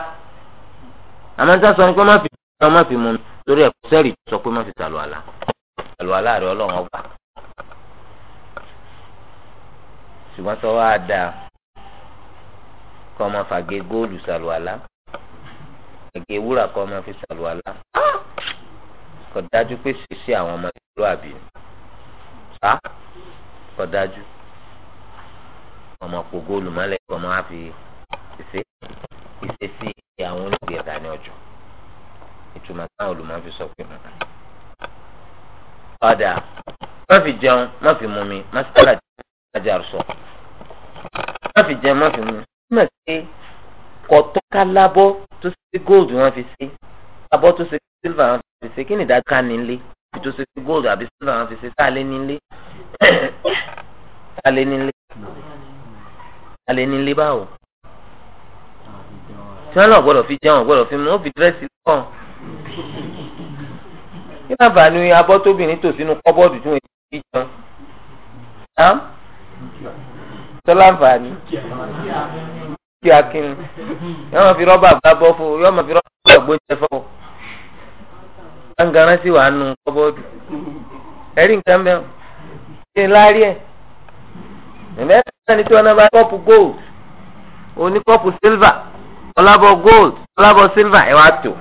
àmọ́ tí wọ́n sọ pé má fi jẹun má fi mumi torí ẹ̀ kò sẹ́rì sọ pé má fi sàlùwàlá sàlùwàlá rẹ̀ ọlọ́run ọgbà ṣùgbọ́n sọ wá dáa kọ́ ọmọ fàgé góòlù sàlùwàlá ẹ̀gẹ́ wúrà kan máa fi ṣàlùwàlá kò dájú pé ṣèṣe àwọn ọmọ ìlú àbí ṣá kò dájú ọmọ kògó olùmọ̀lẹ́ ọmọ á fi ṣèṣe ìṣesí àwọn olùgbé ẹ̀dá ní ọjọ́ ìtumọ̀ táwọn olùmọ̀ fi sọ pé ọ̀dà má fi jẹun má fi mú mi má fi tẹ́lẹ̀ àjàrú sọ má fi jẹun má fi mú mi kọ̀tọ́ ká lábọ́ tó ṣe gold wọn fi ṣe abọ́ tó ṣe silver wọn fi ṣe kí ni ìdájọ́ ká nílé tó ṣe gold àbí silver wọn fi ṣe ká lé nílé ká lé nílé ká lé nílé báwo. tí wọ́n náà gbọ́dọ̀ fi jẹun gbọ́dọ̀ fi mú ó fi dírẹ́sì kàn kí náà bá ní abọ́ tóbìnrin tò sínú kọ́bọ́ọ̀dù tí wọ́n ti fi jẹun. tọ́lá ń kí akínú yọọ máa fi rọ́bà gbá bọ́ fún yọọ máa fi rọ́bà gbá gbóúnjẹ fún gbàngàrán sì wàá nu kọ́bọ́ọ̀dù ẹ̀rí nǹkan bẹ́ẹ̀ ṣe ń láárí ẹ̀ mẹ́ta ni tí wọ́n náà bá kọ́ọ̀pù gold oní kọ́ọ̀pù silver ọlábọ̀ gold ọlábọ̀ silver ẹ̀ wá tó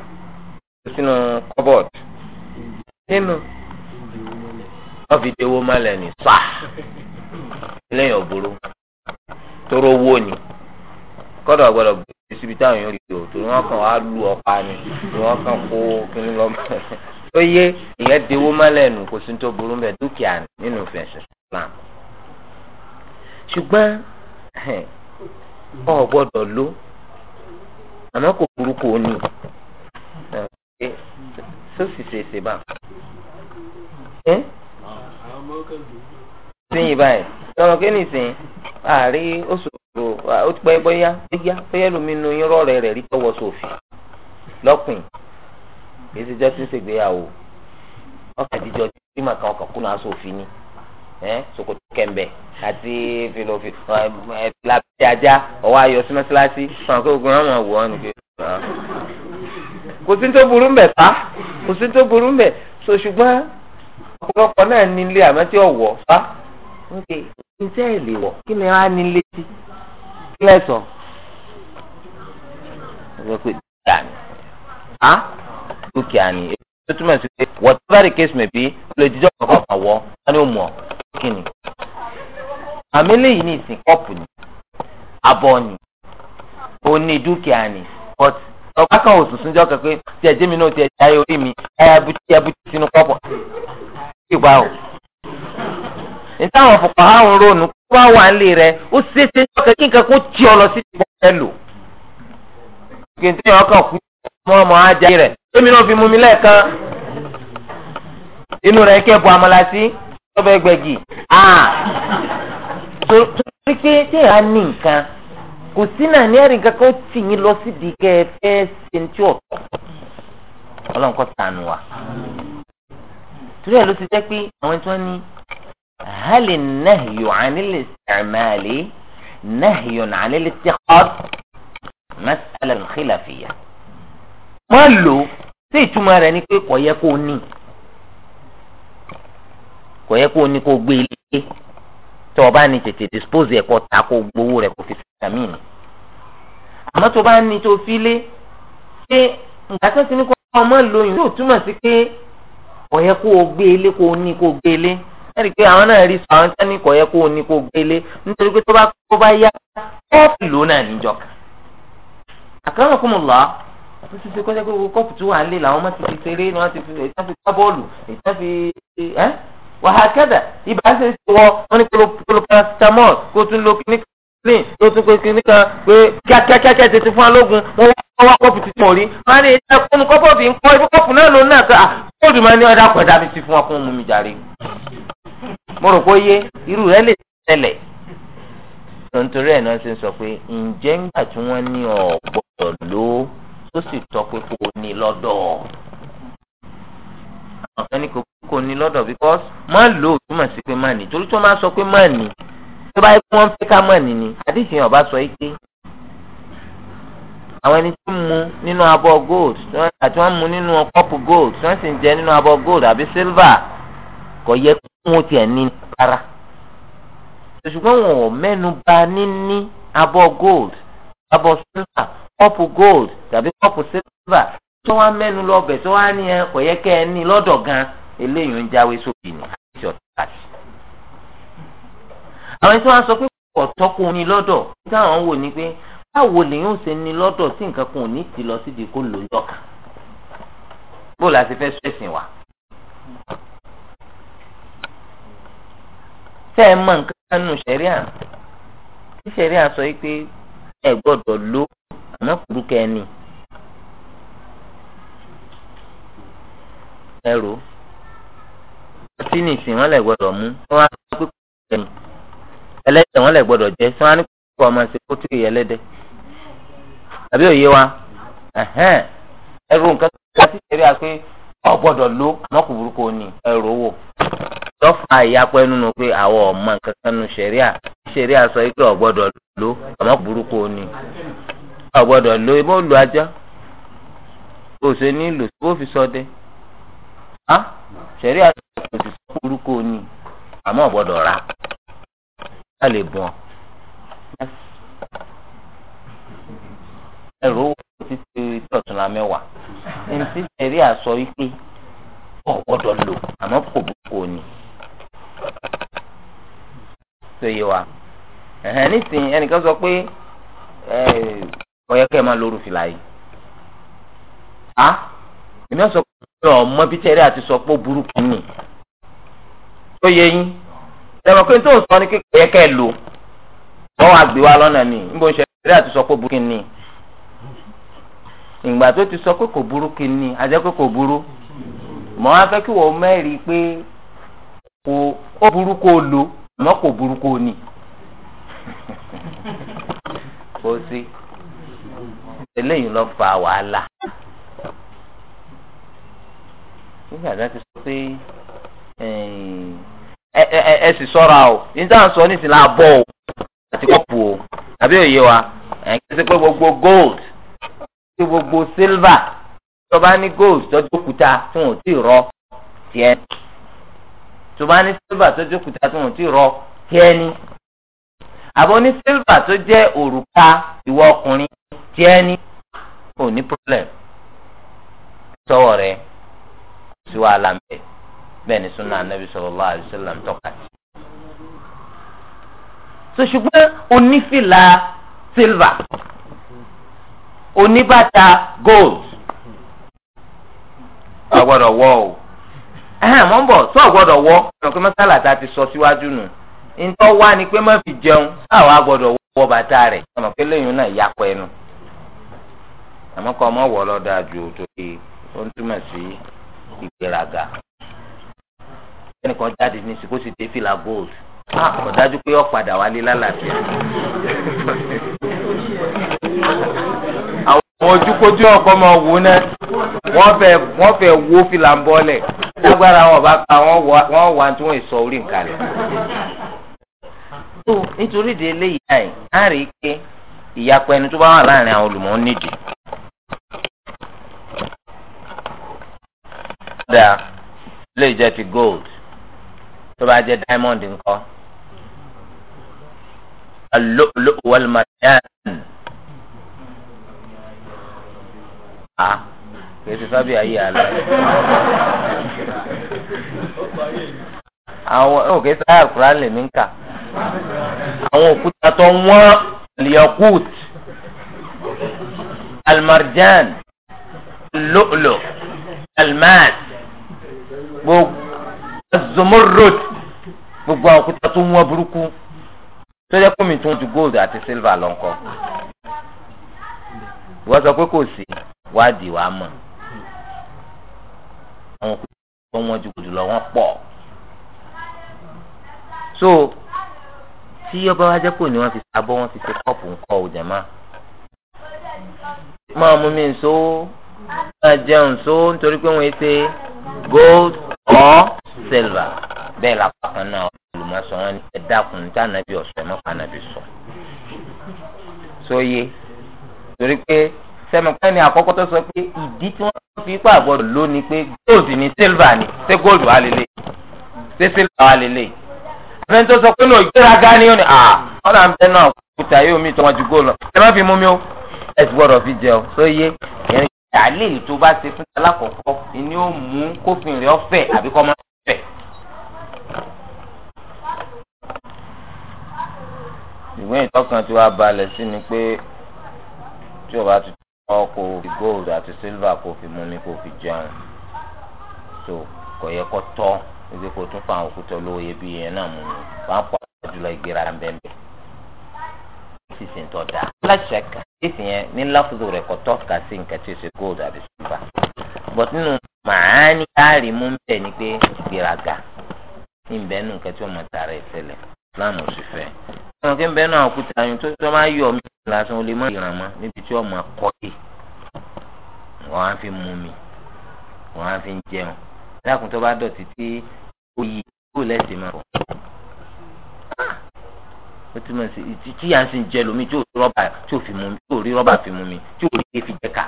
sínú kọ́bọ́ọ̀dù nínú wọ́n fi dé owó mọ́lẹ̀ ní sáà lẹ́yìn òbúrú tóró owó ni kọ́dọ̀ gbọ́dọ̀ bí e síbi táwọn èèyàn rí o torí wọ́n kàn wá lu ọ̀pá ni torí wọ́n kàn kó kínní lọ mọ́ ó yé ìyẹn dewó mọ́lẹ̀ nù kò sí tó burú mẹ́ dúkìá nínú fẹ̀sẹ̀ Islam ṣùgbọ́n ọ̀ gbọ́dọ̀ ló àmọ́ kò burúkú ó ní sósì ṣèṣe bá síyìn báyìí tọmọ kí ni sìn àárí ó ṣòro ó ti pẹ́ bóyá bóyá bóyá lómi nu yín rọ̀rẹ́ rẹ̀ rí tọwọ́ sófin lọ́pìn èsì jọ́ tí ń ṣègbéyàwó ọkàn ìdíjọ tí màá kan ọkàn kúnà sófin ni ṣòkòtò kẹ̀mbẹ̀ àti fìlòfì lábẹ́ ajá ọwọ́ ayọ̀ sí mọ́sálásí fún àkókò gbọ́n àwọn àwọ̀ ọ́nù kò so náà tí iṣẹ́ ìléwọ̀ kí ni wọ́n á ní létí kí lẹ́ sọ. ọ̀sẹ̀ pé dúkìá ni á dúkìá ni èyí tó túmọ̀ sí pé whatever the case may be ó lè jíjọ́ kankan kan wọ́ wọ́n ní òmùọ̀ kí ni. àmì lèyí ní ìsìn kọ́ọ̀pù ni abọ́ ni o ní dúkìá ni but ọba kan ò sùsùn jọ kẹ̀kẹ́ tí ẹ̀jẹ̀ mi náà ti ẹ̀jẹ̀ ayé orí mi ẹ̀yà bùtí sínú kọ́ọ̀pù. nítawọn a àwọn ronú kó wá wà nílé rẹ ó ṣeéṣe ọkẹ kí nǹkan kó tí ọ lọ sí ìbọn rẹ lò. kìntì ọkàn kú mọ́ ọmọ ajá rẹ èmi náà fi mú mi lẹ́ẹ̀kan inú rẹ̀ kẹ́ bu àmàlà sí ọbẹ̀ gbẹ̀gì. torí pé tí ní nǹkan kò sí náà ní kankan ó tì yín lọ ẹ ṣe ní tí wa. torí ló ti pé àwọn tí هل النهي عن الاستعمال نهي عن الاتخاذ مسألة خلافية wọ́n lò sí ìtumọ̀ rẹ̀ ni pé kò yẹ kó ní kò yẹ kó ní kó gbé ilé tó o bá ní tètè dispose ẹ̀kọ́ ta kó gbowó rẹ̀ kó fi sàmì ni àmọ́ tó o bá ní tó fi lé ṣé nǹkan tó ti ní kó ọmọ lóyún yóò túmọ̀ sí pé kò yẹ kó o gbé ilé kó o ní kó o gbé ilé. ẹ̀rí pé àwọn náà rí sàwọn tí wọ́n ní kò yẹ kó o ní kó gbélé nítorí pé tó bá kó bá yá kọ́ọ̀pù ló náà níjọ. àkàrà kò mọ̀ lọ́ ó ti kọ́ṣẹ́ pé kọ́ọ̀pù lé làwọn máa ti fi ṣeré ni ti fi fi gbá bọ́ọ̀lù fi ẹ́ paracetamol kó tún lo tó tún pé kíníkà pé kíákíákíá fún alógun wọn wá kọ́ọ̀pù mọ̀ rí wọn ní kọ́ọ̀pù náà máa ní ọ̀dà mo rò pé yé irú rẹ lè ṣẹlẹ̀ nítorí ẹ̀ náà ṣe sọ pé ǹjẹ́ ńgbà tí wọ́n ní ọ̀gbọ́dọ̀ ló tó sì tọ́ pé kò ní lọ́dọ̀ àwọn kan kò ní lọ́dọ̀ because má lò ó túmọ̀ sí pé má ní torí tó máa sọ pé má ní tó bá yẹ kí wọ́n fẹ́ ká má ní ni àdéhùn ọba sọ yìí pé àwọn ẹni tí ń mu nínú abọ́ gold àti wọ́n ń mu nínú kọ́pù gold tí wọ́n sì ń jẹ nínú abọ́ gold àbí silver kò yẹ wọn tiẹ̀ ní rárá ṣùgbọ́n wọn ò mẹ́nu bà níní abọ́ gold abọ́ sílvà kọ́pù gold tàbí kọ́pù sílvà tó wá mẹ́nu lọ bẹ̀ tó wá ní ẹ kò yẹ kẹ́ ẹ ní lọ́dọ̀ gan eléyìí ń jáwé sóbì ní àìsàn tàbí. àwọn tí wọ́n sọ pé kò tọ́kùn ní lọ́dọ̀ táwọn wò ní pé báwo lèyìn ò ṣe ní lọ́dọ̀ tí nǹkan kan ò ní ti lọ sídìí kó lò lọ́kàn. bó la ti fẹ́ sọ ẹ̀sìn wa. tẹ́ ẹ mọ̀ nǹkan nù sọ pé ẹ gbọ́dọ̀ ló àmọ́ kúrúkẹ́ ẹni. ẹ wọn le gbọdọ mú wọn á sọ pé wọn le gbọdọ jẹ sọ wọn á ní kúrúkẹ́ ọmọ ṣe kó tó yẹ ọgbọ́dọ̀ ló àmọ́ kò burúkú ni ẹrù owó tọfà ìyapẹ nínú pé àwọn ọmọ nǹkan kan nu sẹríà sẹríà sọ pé ọgbọ́dọ̀ ló àmọ́ kò burúkú ni ọgbọ́dọ̀ ló ibò lu ajá òsè ní lò tó fi ṣọdẹ á sẹríà kò sì sọ ni àmọ́ ọgbọ́dọ̀ rà á lè bùn ẹrù owó ti ti tọ̀túnla mẹ́wàá ntí ẹ̀rí àsọ wípé ọ̀gbọ́dọ̀ lò àmọ́ kò bùkún òní. tó yé wa ẹ̀hẹ́n nísìnyí ẹnìkan sọ pé ọ̀yẹ́ kẹ́ ẹ máa lóru fìlà yìí. a èmi ọ̀ sọ pé ọmọ bíi tẹ́rí àti sọ pé ó burú kún ni. tó yé yín ẹ̀rọ pé tó ń sọ ni kékeré kẹ́ lò wọ́n wá lọ́nà ni níbo ń ṣe tẹ́rí àti sọ pé ó ni. ìgbà tó ti sọ pé kò burú kínní ajẹ́ pé kò burú mọ́ wá fẹ́ kí wọ́n mẹ́rin pé o mọ́ kò burú kó o sí lọ fa wàhálà nígbà ti sọ pé ẹ sì sọ́ra o níta sọ la bọ̀ o àti o àbí òye wa ẹ̀ ń kí gbogbo gold. tí gbogbo silva tó bá ní gold tọ́jú òkúta tí wọn ò tí ì rọ tiẹ̀ tó bá ní silva tọ́jú òkúta tí wọn ò tí ì rọ tiẹ̀ ni àbọ̀ ní silva tó jẹ́ òrùka ìwọ ọkùnrin tiẹ̀ ni kò ní problem sọ́wọ́ rẹ̀ sí wàhálà ń bẹ bẹ́ẹ̀ ni sunna anabi sallallahu alaihi wasallam tọ́ka sí. so ṣùgbọ́n onífìlà silva. oníbàtà gold sọ gbọ́dọ̀ wọ o mọ ń bọ sọ wọ ọ̀nà pé mọ́sálà a ti sọ síwájú nù ntọ́ wá ni pé má fi jẹun sáwa gbọ́dọ̀ wọ bàtà rẹ̀ ọ̀nà pé lẹ́yìn náà yà pẹ́ nu àmọ́ kọ́ ọmọ wọ̀ lọ́dọ̀ àjò torí ó ń túmọ̀ sí ìgbéraga ẹnìkan jáde ní ìsìnkú sì dé fìlà gold ọ̀dájú pé ó wálé lálàáfíà. ojúkojú ọkọ ma wò ná wọn fẹ́ wọn fẹ́ wó fìlà ń bọlẹ lágbára wọn bá ka wọn wà wọn wà tí wọn sọ orí nǹkan rẹ. nítorí de eléyìí náà á rí i pé ìyapọ̀ ẹni tó bá wà láàrin àwọn olùmọ̀ nídìí. kódà lè jẹ́ ti gold tó bá jẹ́ diamond ńkọ́. al-lu'lu' wal-marjan. a ah, kèsì sábì ayé àlọ́ àwọn òkè sáyà kúrán lèmi ń kà àwọn òkúta tó wọ́n liyakut almarjan lolo almas gbogbo azomorot gbogbo àwọn òkúta tó wọ́n burúkú tó jẹ́ kómi tó ń ju gold àti silver lọ́nkọ́ wọ́n sọ pé kò sí wádìí wàá mọ̀ àwọn kò wọ́n ju jùlọ wọ́n pọ̀ so tí ọba wa jẹ́ pò ní wọ́n fi abọ́ wọn fi ṣe kọ́ọ̀pù ńkọ́ ò jẹ̀má máa mú mi nsó máa jẹun nsó nítorí pé wọ́n ṣe gold or silver bẹ́ẹ̀ la kọ́kàn náà olùmọ̀sán wọn ẹ dákun ní tànàbí ọ̀sán ẹ mọ́kànnàbí sọ. sóye torí pé sẹ́mipẹ́ ni àkọ́kọ́ tó sọ pé ìdí tí wọ́n fi ipá gbọ́dọ̀ ló ni pé gold ni silver ni ṣé gold wà lélẹ̀ ṣé silver wà lélẹ̀ ẹni tó sọ pé ní ògbéraga ni ó ní à ọ̀nà àbẹ náà kúta yóò mi tó wọn ju gold lọ ẹ má fi mú mi o ẹ sì gbọ́dọ̀ fi jẹ o tó yé ẹni àlè tó bá ṣe fún alákọ̀ọ́kọ́ ni ó mú kófin rẹ̀ ọ̀fẹ́ àbí kọ́ máa fẹ́. ìwé ìtọ́kàn ọ kò fi gold àti silver kò fi mú ni kò fi jẹun so kò yẹ kó tọ́ ibi kò tún fa òkúta olówó iyebí yẹn náà mú ni wọn pa àdúrà ìgbéra bẹ́ẹ̀ but nínú màá ní káàrí mú bẹ́ẹ̀ ni pé ìgbéraga ní ìbẹ́nu nǹkan tí ó mọ̀ tààrà islam ò sì fẹ́. ọmọ kí n bẹ́ẹ̀ náà kúta ayùn tó tó máa yọ mí lásán ó lè má ìran mọ́ níbi tí ọmọ akọ́kè wọ́n á fi mú mi wọ́n á fi ń jẹun lákùn tó bá dọ̀tí tí oyè kó lẹ́sìn máa bọ̀. Ah! ó túmọ̀ sí ìtí tí à ń sìn jẹ lómi tí ò rí rọ́bà fi mú mi tí ò rí ké fi jẹ́ ká.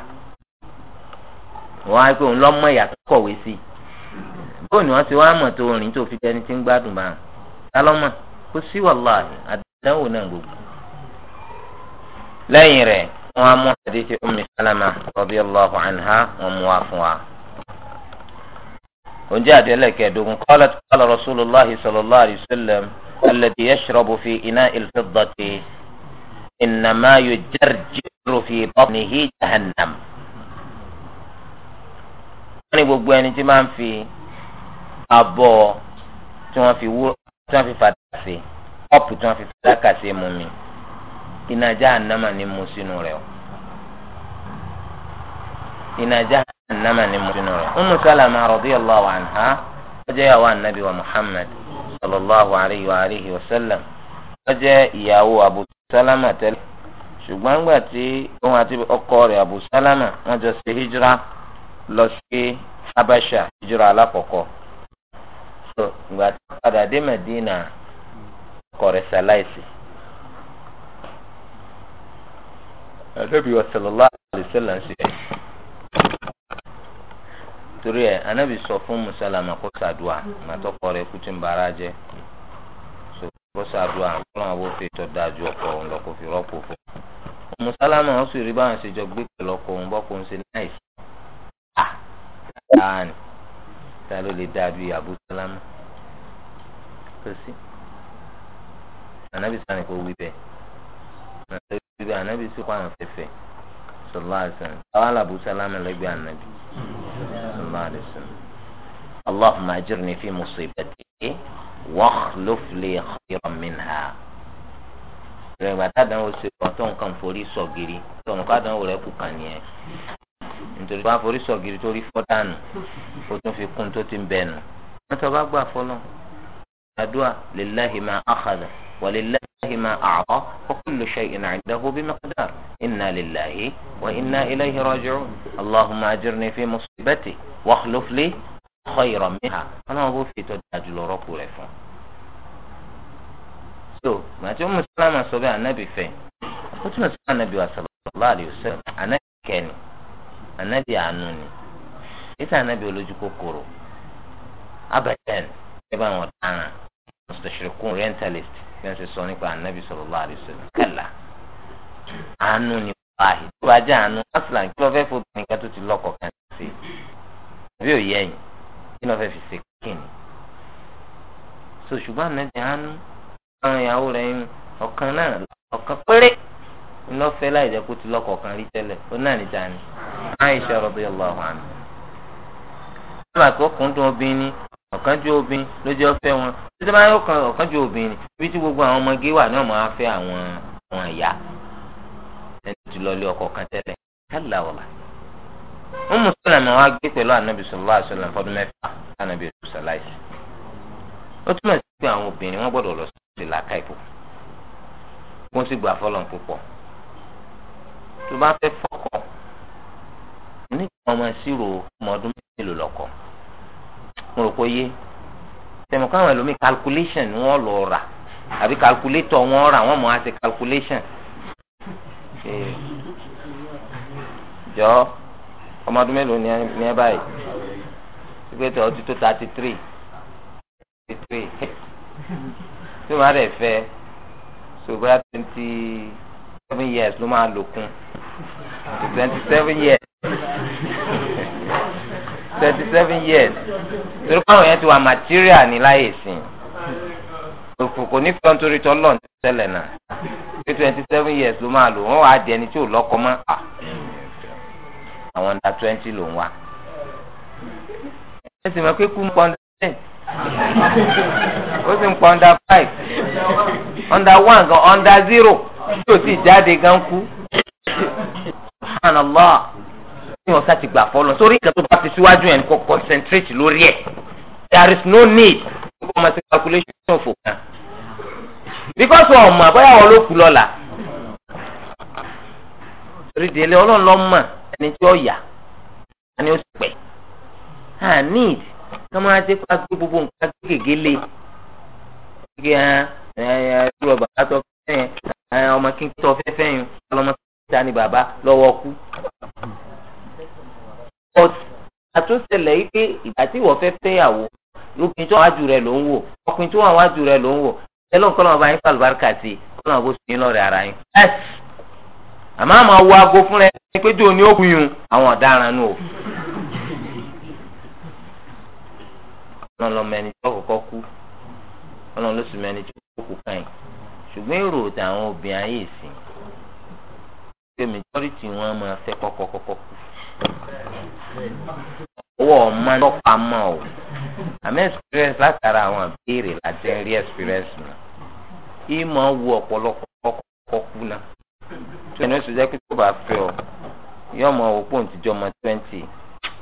wọ́n á pé òun lọ́mọ ìyàtọ̀ kọ̀wé sí i. bóun ni wọ́n ti wá mọ̀ tó rìn tó fi jẹ́ni tí ń gbádùn bá a. ta kò sí wàláhì àdánwò náà gbogbo. lẹ́yìn rẹ̀ wọ́n á mú àdéhìí Ummi Salama radiyallahu anha wọ́n mú wá fún wa. ونجي أدلة كدوم قالت قال رسول الله صلى الله عليه وسلم الذي يشرب في إناء الفضة إنما يجرجر في بطنه جهنم wọ́n ní gbogbo ẹni tí máa ń fi abọ́ tí wọ́n fi wú tí wọ́n fi fà ṣe kọ́ọ̀pù tí wọ́n fi fàdákà ṣe mu mi iná jahannama ni mu sínú rẹ̀ o iná jahannama ni mu sínú rẹ̀ Ummu Salama radiyallahu anha ó jẹ́ ìyàwó anabi wa Muhammad sallallahu alayhi wa alihi wa sallam ó jẹ́ ìyàwó Abu Salama tẹ́lẹ̀ ṣùgbọ́n gbà tí òun àti ọkọ rẹ̀ Abu Salama wọ́n jọ ṣe hijira lọ sí Habasha hijira alákọ̀ọ́kọ́ so ìgbà tí padà dé Medina kọrẹ ṣaláìsì. anabi wa sallallahu alayhi wa sallam ṣe é torí ẹ anabi sọ fún musalama kó ṣàdúà màtọ kọrẹ kùtù ń bara jẹ so kó ṣàdúà fúnra wo fi tọ́ da ju ọkọ òun lọ kó fi rọ́pò fún un musalama wọn sì rí báwọn ṣe jọ gbé pẹ̀lú ọkọ òun bọ́ kó ń ṣe náìsì ah ta ni ta ló lè dá bí abu salama kò sí anabi sani kò wí bẹ́ẹ̀ anabi wí bẹ́ẹ̀ anabi sì kọ́ àwọn fẹ́fẹ́ sallallahu alaihi wasallam àwọn alábùsọ alámà lẹ́gbẹ̀ẹ́ anabi sallallahu alaihi wasallam allahumma ajirni fi musibati wakhluf li khayran minha rẹ̀gbà tádàn ó ṣe wọ́n tó nǹkan forí sọ̀gìrì tó nǹkan àdánwò rẹ̀ kù kàn yẹn nítorí wọn forí sọ̀gìrì tó rí fọ́dánù tún fi kún tó ti ń bẹ̀nu. sọ bá gbà fọ́lọ́ àdúrà lillahi ma akhadha. ولله ما أعطى وكل شيء عنده بمقدار إنا لله وإنا إليه راجعون اللهم أجرني في مصيبتي واخلف لي خيرا منها أنا أبو في تداج لورك ولفون so ما تقول مسلمة سبع النبي فين قلت مسلمة النبي صلى الله عليه وسلم أنا كاني النبي عنوني إذا النبي ولوجي كوكورو أبدا يبقى مدانا مستشرقون رينتاليست bí wọ́n ṣe sọ nípa anabi sallallahu alaihi wasallam kẹlà àánú ni wàhí tó bá jẹ́ àánú aslan kí ló fẹ́ fò nìkan tó ti lọ́kọ̀ kan sí bí ò yẹ yìí kí ló fẹ́ fi ṣe kíni so ṣùgbọ́n anabi àánú àwọn ìyàwó rẹ̀ ń ọ̀kan náà ọ̀kan péré iná fẹ́ láì jẹ́ kó ti lọ́kọ̀ kan rí tẹ́lẹ̀ ó náà níta ni Aisha radiyallahu anha. Bàbá àti ọ̀kánjú obìnrin lójú ọ̀fẹ́ wọn títí bá yọ kan ọ̀kánjú obìnrin ibi tí gbogbo àwọn ọmọge wà náà máa fẹ́ àwọn àwọn ìyá ẹni tí lọ́ọ́ lé ọkọ kan tẹ́lẹ̀ kálá wọ̀lá. Ummu Salama wá gbé pẹ̀lú ànábì sallallahu alaihi wasallam fọdún mẹ́fà ànábì ètò sàláìsì. ó túmọ̀ sí pé àwọn obìnrin wọ́n gbọ́dọ̀ lọ sí làákà ìbò kó sì gbà fọlọ́n púpọ̀ tó bá fẹ́ fọ́kọ̀ nígbà ọmọ mo rò pé yé tẹmọ káwọn ẹlòmíì calculation ni wọ́n lọ rà àbí calculator wọ́n rà wọ́n mọ̀ á calculation jọ ọmọ ọdún mélòó ni ẹ báyìí ìgbé tó ọtí tó thirty three thirty three tí wọ́n á rẹ̀ fẹ́ sobra twenty seven years ló máa lò twenty seven years thirty seven years torí pé àwọn yẹn ti wà material ní láyè sìn òfòkò nífẹ̀ẹ́ nítorí tó lọ́n tẹ́lẹ̀ náà pé twenty seven years ló máa lò wọ́n wàá di ẹni tí ò lọ́kọ mọ́ à àwọn under twenty ló ń wá ẹ sì mọ̀ pé kú ń pọn ten ó sì ń pọn under five under one gan under zero tí ò sì jáde gan kú subhanallah yàn sá ti gbà fọlọ sórí ìkàtó bá ti síwájú ẹni kò concentrate lórí ẹ there is no need kó o calculation fò kan because ọmọ àbáyá wọn ló kú lọ́la torí délé ọlọ́run lọ́ mọ̀ ẹni tí ó yà ẹni ó sì pẹ̀ ah need ká máa ṣe pa gbé gbogbo nǹkan gègé lé gègé ẹ ẹ ẹdúró bàbá tó ọmọ kí n tó fẹ́ fẹ́ yẹn ọlọmọ tó ta ni bàbá lọ́wọ́ kú but àtúnṣe lẹ̀ yìí pé ìgbà tí ìwọ fẹ́ fẹ́yàwó lópin tó wájú rẹ̀ ló ń wò ọkùnrin tó wájú rẹ̀ ló ń wò ẹ lóun kọ́nà ọba yín fàlùbáríkà sí i kọ́nà ọgbó sùn yín lọ́rẹ̀ ara yín. àmọ́ àmọ́ wo aago fún rẹ ni pé jòun ní ó kun yun àwọn ọ̀daràn nù o. ọlọ́run lọ mẹ́ni tó kọ́kọ́ kú ọlọ́run ló sì mẹ́ni tó kú káyìn ṣùgbọ́n èrò tàwọn obìnrin ayé ìsìn pé owó ọmọ lọ́pàá mọ́ o àmì experience látara àwọn àbéèrè láti rí experience mi ìmọ̀ wu ọ̀pọ̀lọpọ̀ kọ́kọ́ kú náà tí ẹni oṣù jẹ́ pé tó bá fẹ́ ọ yóò mọ òpó ntìjọ́ ọmọ twenty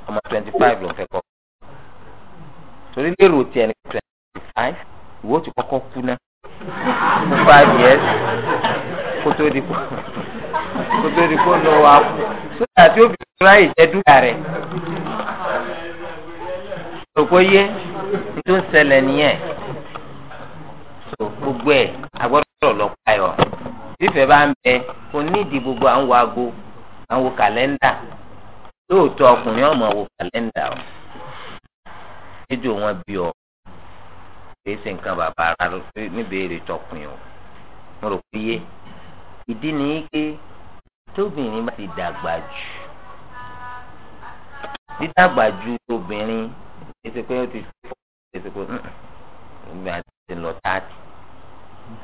ọmọ twenty five ló ń fẹ́ kọ́ torí lérò tiẹ̀ ní twenty five ìwọ ti kọ́kọ́ kú náà five years kó tó di kú kó tó di kó lọ wà fún sódà tí obìnrin ráyè jẹ dúkìá rẹ̀ òkò yé tó ń ṣẹlẹ̀ nìyẹn so gbogbo ẹ̀ agbọ́dọ̀ lọ payọ̀ fífẹ́ bá ń bẹ kò nídìí gbogbo à ń wo aago à ń wo kàlẹ́ndà lóòótọ́ ọkùnrin ọmọ wo kàlẹ́ndà o ẹjọ́ wọn bí ọ kìí ṣe nǹkan bàbá ara níbi èrè tọkùnrin o mo rò pé yé ìdí nìyí pé tóbìnrin bá ti dàgbà jù dídàgbà jù obìnrin ètò pé ó ti fọ́ ètò pé obìnrin àti ti lọ táàtì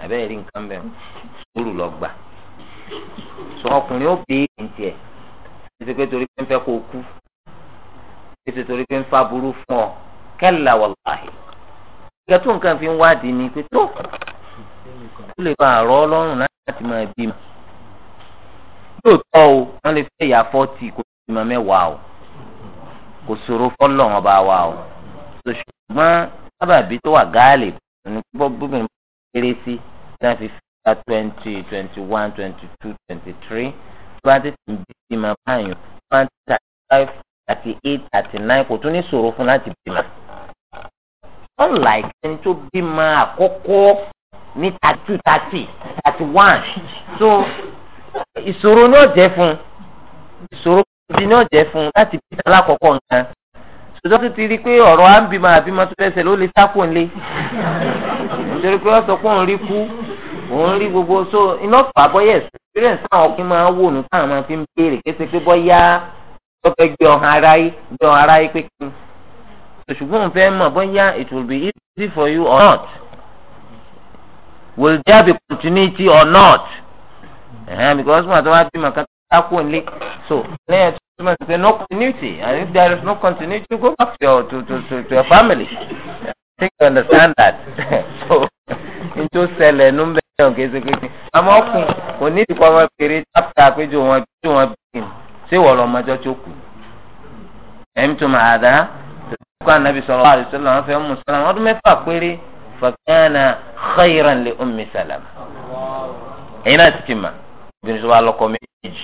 àbẹ́rẹ́ rí nǹkan bẹ́ẹ̀ sùúrù lọ gbà sọ ọkùnrin ó béèrè tiẹ̀ ètò pé torí pé ń fẹ́ kó kú ètò torí pé ń fa burú fún ọ kẹ́là wàláhì ìgbà tó nǹkan fi ń wádìí ni pé tó ó lè bá àrọ́ ọlọ́run láti máa bímọ lóòótọ́ o wọ́n lè fẹ́ ìyá fọ́ọ̀tì kò sí ìmọ̀ mẹ́wàá o kò ṣòro fọ́lọ́run ọba wa o ṣùgbọ́n sábàbí tó wà gáàlì ní bọ́ bóbìnrin kéré sí náà fi fẹ́ twenty twenty one twenty two twenty three twenty bá tètè ń twenty five thirty eight thirty nine kò tún ní ṣòro fún láti bímọ. unlike ẹni tó bímọ àkọ́kọ́ ní thirty two thirty thirty one so ìṣòro náà jẹ́ fún ìṣòro kejì náà jẹ́ fún láti bí alákọ̀ọ́kọ́ nǹkan ṣùgbọ́n tó ti rí i pé ọ̀rọ̀ à ń bímọ àbímọ tó fẹsẹ̀ ló lè sákò ńlé nítorí pé wọ́n sọ pé òun rí kú òun rí gbogbo so iná fà bọ́yẹ̀ experience táwọn ọkùnrin máa ń wò nù táwọn máa fi ń béèrè kése pé bọ́yá tọ́kẹ́ gbé ọ̀hán ara yìí gbé ọ̀hán ara yìí pé kí n ṣùgbọ́n òun fẹ́ mọ̀ bọ́yá it will be easy for you or not will there be continuity or not ẹ̀hẹ́n because wọn àti wọn bí màkà tako nlé so lẹ́yìn tó túmọ̀ sí pé no continuity and if there is no continuity go back to your to to to, your family I think you understand that so n tó ṣẹlẹ̀ ẹnu ń bẹ̀rẹ̀ ọ̀gá ẹsẹ̀ kékeré àmọ́ ọkùn kò ní ìdíkọ́ ọmọ péré chapter àpéjọ wọn tí wọn bí ṣé wọ́n lọ ọmọjọ́ tó kù ẹ̀mí tó máa dá kó anabi sallallahu alaihi wasallam wọn fẹ́ mú sọlá ọdún mẹ́fà péré fa kana khayran li ummi salama ẹ̀yin náà ti ti mà. obìnrin tó bá méjì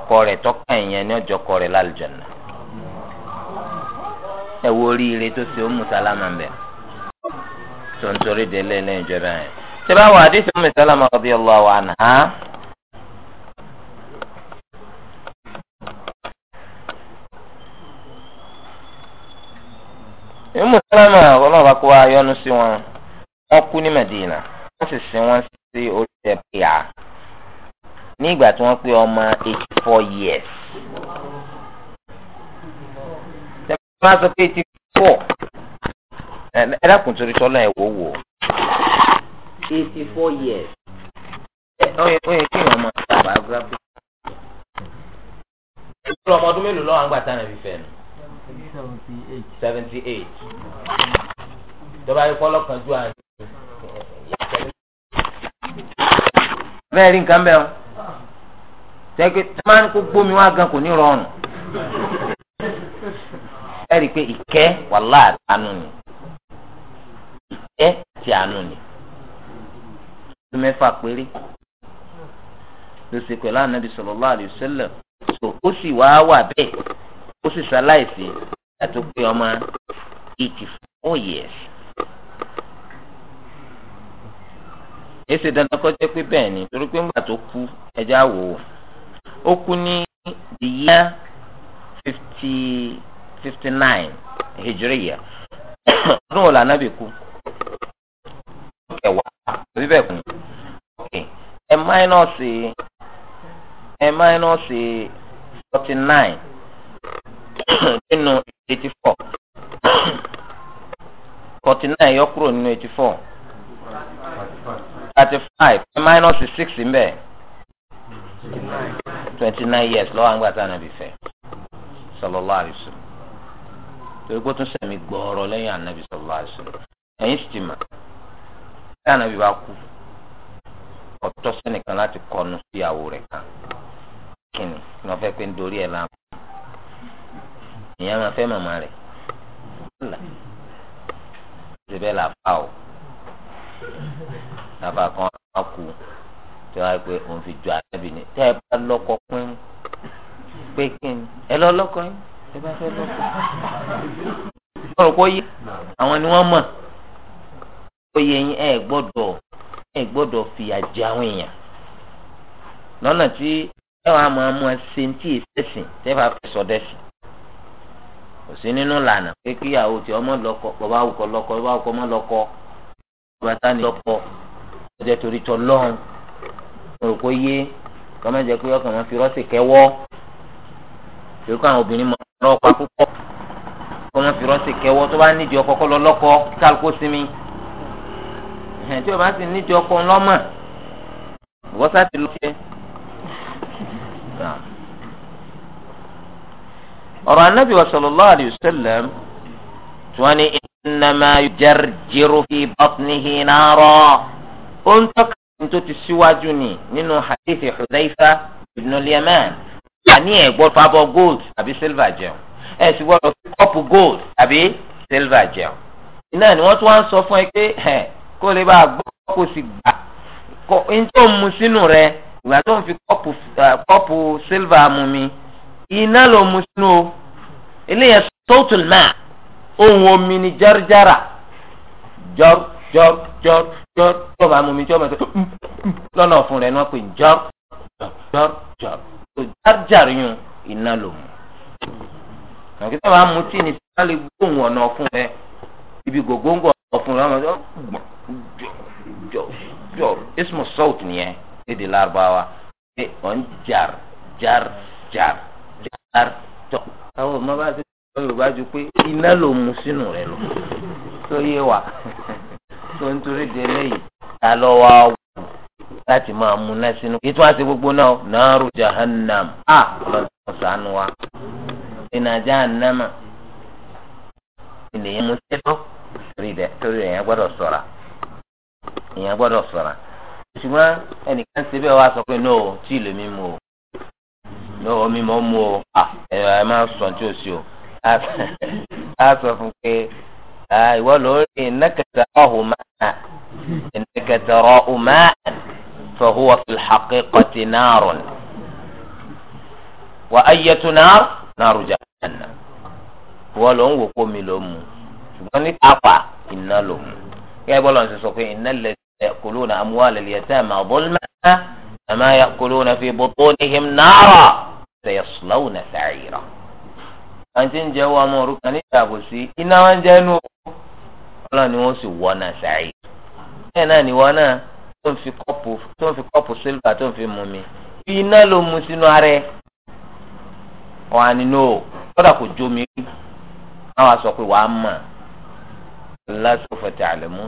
ọkọ rẹ tọ́ka ìyẹn ní ọjọ́ kọ rẹ̀ oríire tó ṣe ó sálámà bẹ̀ tó ń torí délé lẹ́yìn ìjọba yẹn ṣé báwo àdéhùn Ummu Salama radiyallahu anha. Ummu Salama ọlọ́ọ̀bá kó wa yọ́nú sí wọn wọ́n kú sí oríṣẹ pìà ní ìgbà tí wọ́n pé ọmọ eighty four years tẹ́lẹ̀ máa sọ pé eighty four ẹ dákun torí sọ́lá ẹ̀ wò wò eighty four years ó yẹ ó yẹ kí wọ́n máa ta biography. ìṣòro ọmọ ọdún mélòó lọ́wọ́ àgbà tánà fi fẹ́ nu. seventy eight. seventy eight. ìjọba ayé kọ́ lọ́kàn ju àná. bẹ́ẹ̀ rí nǹkan bẹ́ẹ̀ o tẹ́gbẹ́ tí wọ́n kó gbómi wá gan kò ní rọrùn rí pé ìkẹ́ wàhálà àánú ni ìkẹ́ ti àánú ni ọdún mẹ́fà péré ló pẹ̀lú ànábì sallallahu alaihi wasallam tó ó sì wá wà bẹ́ẹ̀ ó sì pé years. ese dandan kọ́ jẹ́ pé bẹ́ẹ̀ ni torí pé ńgbà tó kú ẹja wò ó ó kú ní the year fifty fifty nine hijriya ọdún wo lànà bí kú kẹwàá àbí bẹ́ẹ̀ kù ní ẹ máínọ́ọ̀sì ẹ máínọ́ọ̀sì forty nine nínú eighty four forty nine yọ kúrò nínú eighty four. thirty five minus six mbẹ twenty nine years lọ́wọ́ àwọn gbàtà nàbì fẹ́ sallallahu alaihi wasallam torí pé ó tún sẹ̀mí gbọ́ọ̀rọ̀ lẹ́yìn ànábì sallallahu alaihi wasallam ẹ̀yìn sì ti mà ẹ̀ ànábì bá kú ọ̀tọ́ sẹ́nìkan láti kọnu sí ìyàwó rẹ̀ kan kìnnì ni wọ́n fẹ́ pé ń dorí ẹ̀ láàmú ìyá máa fẹ́ màmá rẹ̀ ṣe bẹ́ẹ̀ là fà ó nàfà kan á kú tí wọ́n á pé òun fi jọ àtẹ́bí ni tẹ́ ẹ bá lọ́kọ pín pé kí ni ẹ lọ lọ́kọ yín ẹ bá fẹ́ lọ́kọ. ọ̀rọ̀ kò yé àwọn ni wọ́n mọ̀ ó yẹ yín ẹ gbọ́dọ̀ ẹ gbọ́dọ̀ fìyà jẹ àwọn èèyàn lọ́nà tí ẹ wàá máa mú ẹsẹ̀ tí ìsẹ̀sìn tẹ́ bá fẹ́ sọdẹ́sìn kò sí nínú lànà pé kíyàwó tí ọmọ lọ́kọ bàbá àwùkọ lọ́kọ bàbá àwùkọ ọmọ lọ́kọ bàtà ni lọ́kọ ọjọ́ torí tọ́ lọ́hùn mo rò pé yé kọ́mọ́ jẹ́ pé ọkàn wọn fi rọ́ọ̀sì kẹ́wọ́ torí kọ́ àwọn obìnrin mọ̀ ọ́n ọ̀pá púpọ̀ kọ́mọ́ fi rọ́ọ̀sì kẹ́wọ́ tó bá nídìí ọkọ kọ́ lọ lọ́kọ́ kálukó sinmi ẹ̀hìn tí o bá sì nídìí ọkọ ńlọ́mọ̀ ìwọ́sà ti lọ́kẹ́ ọ̀rọ̀ anábì sallallahu alayhi tí wọ́n ní innama yujarjiru fi batnihi nara ó ń tọ́ka nítorí ti síwájú ni nínú hadithi Hudhaifa ibn al-Yaman àní ẹ̀ gbọ́dọ̀ gold àbí silver jẹun ẹ̀ sì gbọ́dọ̀ fi gold àbí silver jẹun. iná ni wọ́n tún wá ń sọ fún ẹ pé ẹ̀ kó lè bá a kó sì gbà kó n mu sínú rẹ ìgbà tó ń fi kọ́pù silver mu mi iná ló mu sínú o eléyẹ sọ́tùl náà ohun omi ni jọ́rjára jọ́rjára jọ́rjára jọr tó bá mú mi jọ́ mẹ́tọ́ mm, mm, mm, lọ́nà ọ̀fun rẹ̀ ni wọ́n pè jọr jọr jọr tó járjàr yún iná ló mú. àti tó bá mú tí ni tí wọ́n lè gbóhùn ọ̀nà ọ̀fun rẹ̀ ibi gògóńgò ọ̀fun rẹ̀ wọ́n jọ jọ jọ ismu salt nìyẹn èdè lárúbáwá pé ọ̀n jàr jàr jàr jàr tọ́. àwọn ọmọ bá ti sọ yorùbá ju pé iná ló mú sínú rẹ̀ lọ. tó yé wa. tó ń torí yi. ta lọ wá wù láti máa mú sínú gbogbo náà nàárù jahannam a lọ́sàn sànù wa ìnàjà ànámà ènìyàn mú sẹ́tọ́ torí rẹ̀ torí èèyàn gbọ́dọ̀ ṣọ́ra èèyàn gbọ́dọ̀ ṣọ́ra ṣùgbọ́n ẹnìkan wá sọ pé no tí o no o ẹ máa sọ tí o o sọ fún ايوه لول انك تراه ماء انك تراه ماء فهو في الحقيقه نار واية نار نار جهنم ولون وقومي لوم شوفوني تافا ان لوم يا بولون ان الذين ياكلون اموال اليتامى ظلما فما ياكلون في بطونهم نارا سيصلون سعيرا àti ń jẹ́ wọ ọmọ òrukàn ní ìṣàbòsí iná wọn jẹ́ inú owó ọlọ́run ni wọ́n sì wọ́ náà ṣáàyè bẹ́ẹ̀ náà ni wọ́n náà tó ń fi kọ́pù tó ń fi kọ́pù sílùkà tó ń fi mú mi iná ló mu sínú ara ẹ̀ wọ́n á nínú o kódà kò jó mi rí àwọn aṣọ pé wàá mọ̀ lásòfòtì àlẹ́mú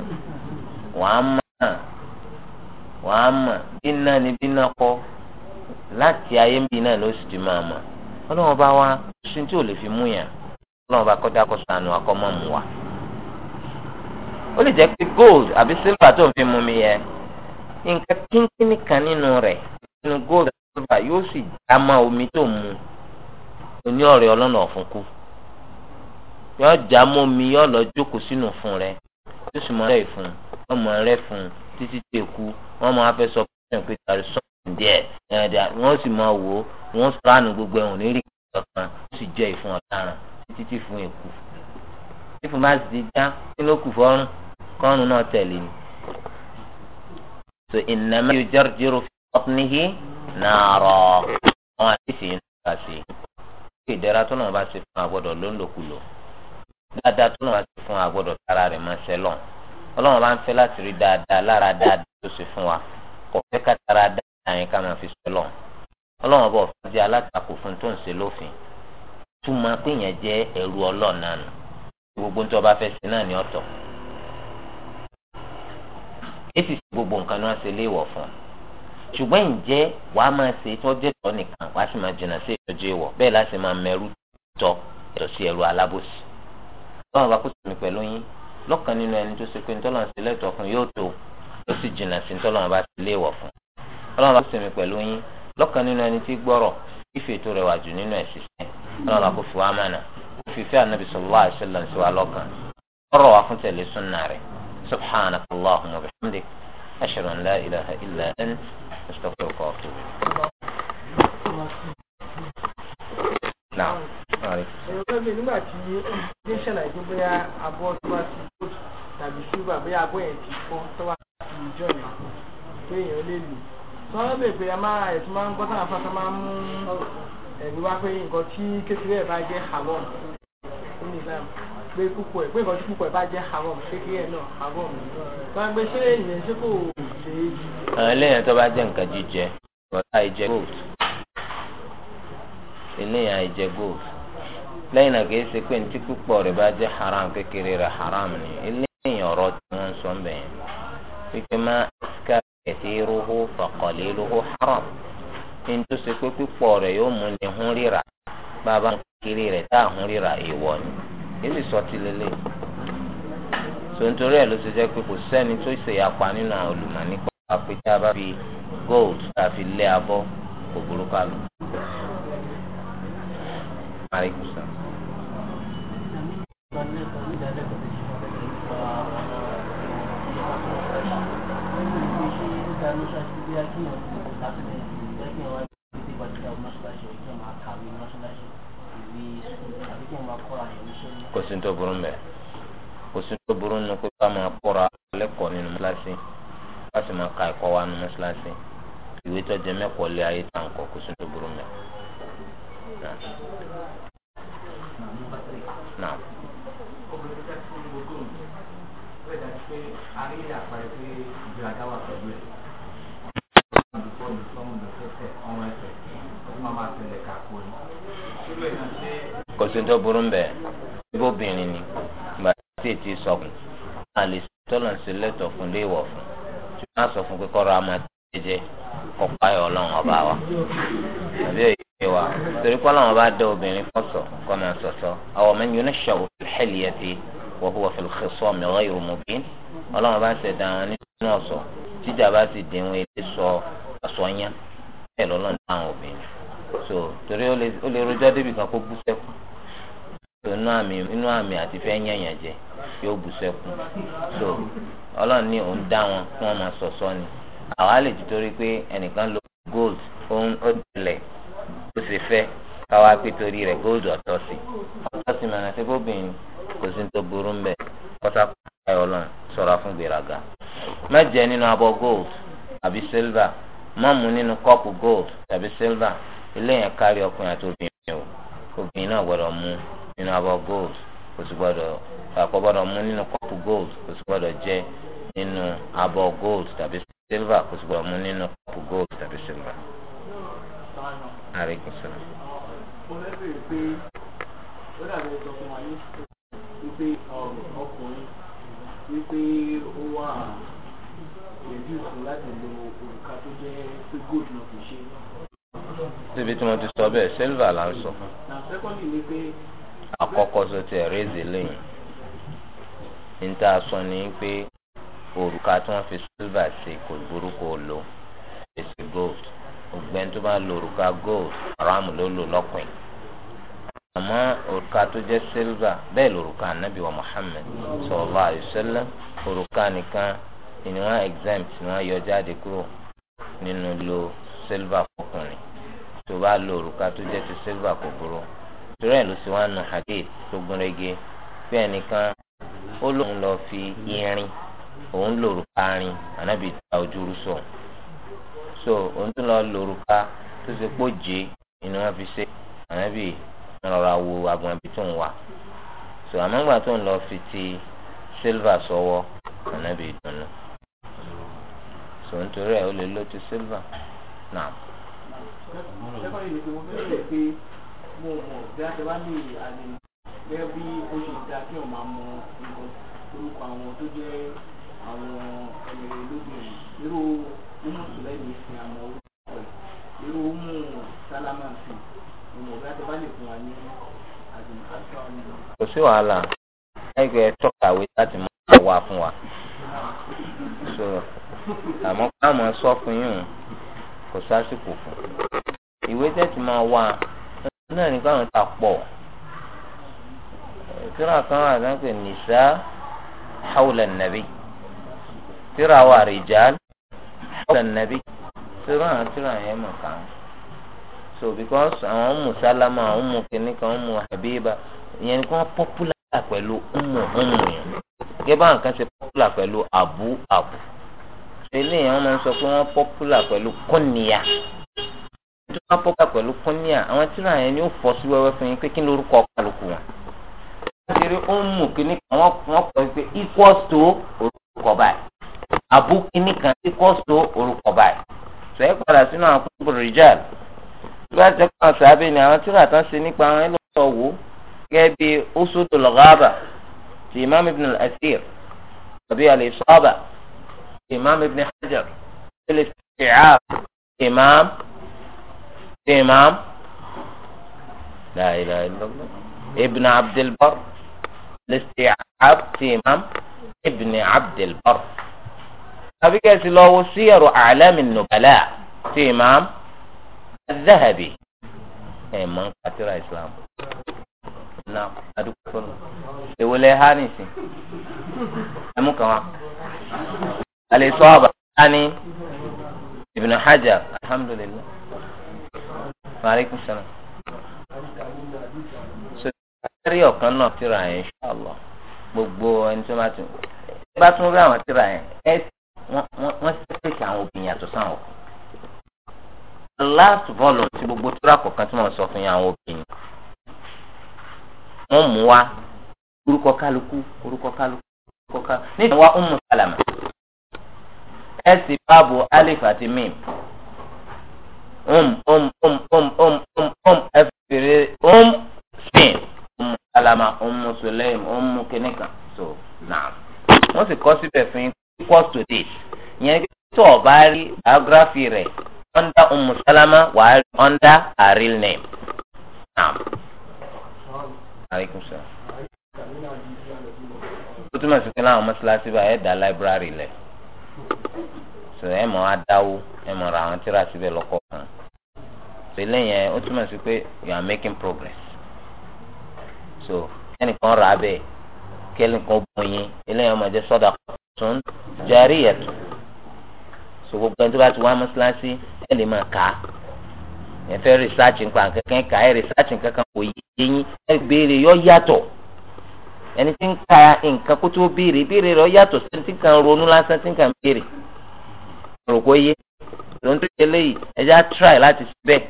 wàá mọ̀ wàá mọ̀ bí ni bí náà kọ́ láti ayé bí náà ló sì ti máa mọ̀ ọlọ́run bá wa ṣe tí ò lè fi mú yàn ọlọ́run bá kọ́ dákọ̀ sànù akọ́mọ́ mu wa. ó lè jẹ́ pé gold àbí silver tó ń fi mú mi yẹ nǹkan kínkínní kan nínú rẹ̀ nínú gold àti silver yóò sì já mọ́ omi tó mu oní ọ̀rẹ́ ọlọ́nà ọ̀fun kú yọ já mọ́ omi yọ lọ jókòó sínú fún rẹ̀ yóò sì mọ rẹ̀ fún ọmọ rẹ̀ fún títí tẹ̀ kú wọ́n máa fẹ́ sọ pé pé tàrí sọ́ọ̀tì díẹ̀ wọ́n sì máa wò ó wọ́n sọ̀rọ̀ gbogbo ẹ̀wọ̀n ní rí kankan ó sì jẹ́ ìfún ọ̀daràn títí tí fún èkú. fífún bá sì ti já kí ló kù fọ́rùn kọ́rùn náà tẹ̀lé ni. so ìnáma yóò jẹ́rù jẹ́rù ọ̀pọ̀nìhí nàárọ̀ àwọn àdìsí inú bá ṣe. kí ìdẹ́ra tó náà bá ṣe fún àgbọ̀dọ̀ ló ń lòkulò. dáadáa tó náà bá ṣe fún àgbọ̀dọ̀ tára rẹ̀ máa ṣẹ ọlọ́run bá ń fẹ́ láti rí dáadáa lára dáadáa tó ṣe fún wa kò fẹ́ ká tára dáadáa yẹn ká máa fi ṣẹ ọlọ́run ọba ọ̀fẹ́ di alátakò fún tó ń ṣe lófin túmọ̀ pé yẹn jẹ́ ẹrú ọlọ́run náà nù gbogbo tó bá fẹ́ ṣe náà ní ọ̀tọ̀ èsì sí gbogbo nǹkan ni wọ́n ṣe léèwọ̀ fún un ṣùgbọ́n ǹjẹ́ wàá máa ṣe tọ́jú ẹ̀tọ́ nìkan wàá sì máa jìnnà sí ìtọ́jú ìwọ̀ bẹ́ẹ̀ láti máa mẹ́rú tọ́ ẹ̀tọ́ sí ẹrú alábòsí ọlọ́run bá kó sọ̀rọ̀ pẹ̀lú yín lọ́kàn nínú ẹni tó ṣe pé ntọ́lọ́run ṣe lẹ́tọ̀ọ́ fún yóò tó ó sì jìnnà sí ntọ́lọ́run bá ṣe léèwọ̀ fún ọlọ́run bá kó sọ̀rọ̀ pẹ̀lú yín lọ́kàn nínú ẹni tí gbọ́rọ̀ ìfẹ́ tó rẹwà jù nínú ẹ̀sìn sẹ́yìn ọlọ́run bá kó fi wá mọ̀nà kó fi fẹ́ anabi sallallahu alaihi wasallam sí wa lọ́kàn ọ̀rọ̀ wa fún tẹ̀lé súnà rẹ̀ subhanakallahumma wa bihamdik ashhadu an la ilaha illa ant lè lò tọ́lá bèè pé ẹ máa ẹ̀tún máa ń gbọ́ máa mú ẹ̀mí wá pé nǹkan tí kékeré ẹ̀ bá jẹ́ haram nínú Islam pé púpọ̀ ẹ̀ pé nǹkan tí púpọ̀ ẹ̀ bá jẹ́ haram kékeré ẹ̀ náà haram pé ṣé ìyẹn ṣé kò ṣe é jù. àwọn eléyàn tó bá haram kékeré haram ni eléyàn ọ̀rọ̀ tí wọ́n sọ ń bẹ̀yẹn pé kathiruhu fa qaliluhu haram ní tó ṣe pé pípọ̀ rẹ̀ yóò mú ní hún ríra bàbá kiri rẹ̀ tá à hún ríra èèwọ̀ ni èyí sọ ti lélẹ̀ sòǹtorí ẹ̀ ló ṣe jẹ́ pé kò sẹ́ni tó ṣe yapa nínú àwọn nípa pé tá fi gold tá lé abọ́ kò burú ká lò. kò sí tó burú mẹ́ kò sí tó burú nínú pé ká máa kóra lẹ́kọ̀ọ́ nínú mọ́ṣáláṣí ká sì máa ka ẹ̀kọ́ wa nínú mọ́ṣáláṣí ìwé tó jẹ mẹ́kọ̀ọ́ lé ayé tàǹkọ̀ kò sí tó burú mẹ́. kò sí tó burú mbẹ ibóbìnrin ni ìgbà tí ètí sọkùn náà lè ṣe tọ́lọ̀ sí lẹ́tọ̀ fún lé ìwọ̀ fún tí wọ́n á sọ fún pé kọ́ra a máa jẹjẹ ọ̀pá ẹ̀ ọlọ́run ọba wa àbí èyí wa torí kọ́ ọlọ́run ọba dá obìnrin kọ́ sọ kọ́ máa sọ sọ àwọn ọmọ yìí oníṣẹ́ òfin xẹ́lìyẹ ti wọ́n kó wọ́n fi xẹ́sọ́ mìíràn yòó mú bí ọlọ́run ọba ṣẹ̀dá àwọn nínú ọ̀sọ̀ tíjà bá ti dín wọn ilé sọ ọ̀sọ̀ yẹn bẹ́ẹ̀ lọ́lọ́run táwọn obìnrin so torí ó lè rojọ́ débi kan kó bú sẹ́kù inú àmì inú àmì àti fẹ́ yẹ̀yàn jẹ yóò bù so ọlọ́run ní òun dá wọn kí wọ́n máa sọ̀sọ́ ni àwa lè ti torí pé ẹnìkan gold òun ó dilẹ̀ ó sì fẹ́ káwa pé torí rẹ̀ gold ọ̀tọ̀ sí ọ̀tọ̀ sí mọ̀nà tí bóbìnrin kò sí tó burú ń bẹ̀ kọ́sá pàṣẹ ọlọ́run sọ̀rọ̀ gold àbí silver má nínú gold tàbí silver ilé yẹn kárí ọkùnrin àti obìnrin o obìnrin náà gbọ́dọ̀ mu nínú abọ́ gold kò sì gbọ́dọ̀ kò gbọ́dọ̀ mú nínú kọ́pù gold kò sì gbọ́dọ̀ jẹ nínú abọ́ gold tàbí silver kò sì gbọ́dọ̀ mú nínú kọ́pù gold tàbí silver. Àríkù sọ̀rọ̀. Mo fẹ́ bèèrè pé ó dàbí ẹ̀sọ́ tí mo ti sọ bẹ́ẹ̀ silver là ń sọ. Na secondly ni pé. àkọ́kọ́ sọ ti ẹrẹsì lẹ́yìn níta sọ òrùka tí fi silva kò burúkú gold ògbẹ́ni tó bá gold haram ló lò lọ́pìn àmọ́ òrùka tó jẹ́ sílvà bẹ́ẹ̀ anabi wa muhammed sallallahu alaihi òrùka nìkan ni exempt ni yọ jáde kúrò nínú lo silva fọkùnrin tó bá lo òrùka tó torí ẹ̀ ló sì wá nù hadith tó gúnrégé bí ẹnìkan ó lóun lọ fi irin òun lòrùka rin ànábì ta ojú rúṣọ so òun tún lọ lòrùka tó ṣe pò jé ni wọ́n fi ṣe ànábì rọra wo agbọn ibi tó ń wà so àmọ́ ìgbà tó ń lọ fi ti sílvà sọ́wọ́ ànábì ìdùnnú so nítorí ẹ̀ ó lè lójú sílvà náà mo mọ̀ bí a ṣe wá lè àlè gẹ́gẹ́ bí ó ṣe dá kí òun máa mọ nǹkan orúkọ àwọn tó jẹ́ àwọn ẹ̀rẹ̀ lóbìnrin irú ọmọ sùlẹ́yìn fi àmọ́ orúkọ ẹ̀ irú ọmọ sálámà sí mo mọ̀ bí a ṣe wá lè fún wa ní àlè àṣà ọ̀nà. kò sí wàhálà ẹgbẹ́ tọ́kàwé láti mọ àwa fún wa àmọ́ káàmọ́ sọ fún yín kò sásìkò fún ìwé tẹ́tù máa wá a náà nìkan àwọn ta pọ̀ tíra kan wà sáńpẹ̀ nìṣá hawla nàbí tíra wà rìjàl hawla nàbí tíra tíra yẹn mọ̀ kàn so because àwọn ọmọ sálámà àwọn ọmọ kìnnìkan ọmọ habiba ìyẹn nìkan popular pẹ̀lú ọmọ ọmọ yẹn gẹ́gẹ́ bá nǹkan ṣe popular pẹ̀lú abu abu eléyìí wọ́n máa ń sọ pé wọ́n popular pẹ̀lú kọ́nìyà tó bá pọ́kà pẹ̀lú kúnníà àwọn tíra yẹn ni ó fọ́ sí wẹ́wẹ́ fún yín pé kí ni orúkọ kálukú wọn. láti rí ó ń mú kíní kan wọ́n kọ́ pé equals to orúkọ báyìí àbú kíní kan equals to orúkọ báyìí. sọ ẹ́ padà sínú àwọn kúrò rìjàl tí wọ́n ti kọ́ àṣà abẹ́ ni àwọn tíra tán ṣe nípa àwọn ẹlọ́sọ̀ wò gẹ́gẹ́ bí usudul ghaba ti imam ibn al-asir tàbí al-isaba ti imam ibn hajar tẹlifíṣẹ́ imam إمام لا إله إلا الله ابن عبد البر الاستيعاب في إمام ابن عبد البر أبي كاس الله سير أعلام النبلاء في إمام الذهبي إمام إيه، قاتل الإسلام نعم أدوك ìwòlẹ̀ ha nìsín ẹ̀mú الإصابة wa alẹ́ sọ́ọ̀bà ani maaleykum salaam. sọ́dọ̀ ọ̀kan náà tíra yẹn ṣàlọ́ gbogbo ẹni tó máa tún ẹ bá tún rí àwọn tíra yẹn ẹ wọ́n ṣẹ́ṣẹ́ àwọn obìnrin yàtọ̀ sáwọn ọkùnrin. the last volume ti gbogbo tíra kọ̀ọ̀kan tí wọ́n sọ fún yẹn àwọn obìnrin. wọ́n mú wa orúkọ kálukú orúkọ kálukú orúkọ kálukú nígbà wa ń mú sálàmà. ẹ sì báàbò alif àti mim um um um um um um um ẹ fèrè um spain um alama um musulaim um kìnìkan so naam wọ́n sì kọ́ síbẹ̀ fún yín equals to this ìyẹn tó o bá rí biography rẹ̀ under um salama wà á rí under a real name naam. aleykum salaam. ó túmọ̀ sí pé láwọn mọ́ṣáláṣí bá ẹ̀ dá láìbírárì lẹ̀ sọ ẹ mọ̀ adáwó ẹ mọ̀ ra àwọn tíra síbẹ̀ lọ́kọ̀ kan sọ eléyìí ẹ ó túmọ̀ sí pé you are making progress so ẹnìkan rà á bẹ́ẹ̀ kẹ́nìkan bùn yín eléyìí ọmọ ẹ̀jẹ̀ sọ́dà tún járí ẹ̀tún so gbogbo ẹni tó bá ti wá mọ́sálásí ẹ lè máa kà á ẹ fẹ́ rìsáàcì nǹkan kankan kà ẹ rìsáàcì nǹkan kan kò yé yín ẹ béèrè yọ yàtọ̀ ẹni tí ń ka nǹkan kó tó béèrè béèrè rẹ yàtọ̀ sí ti kan ronú lásán tí ń kan béèrè rò kó yé ló ń tó ṣe léyìí ẹjẹ́ á try láti síbẹ̀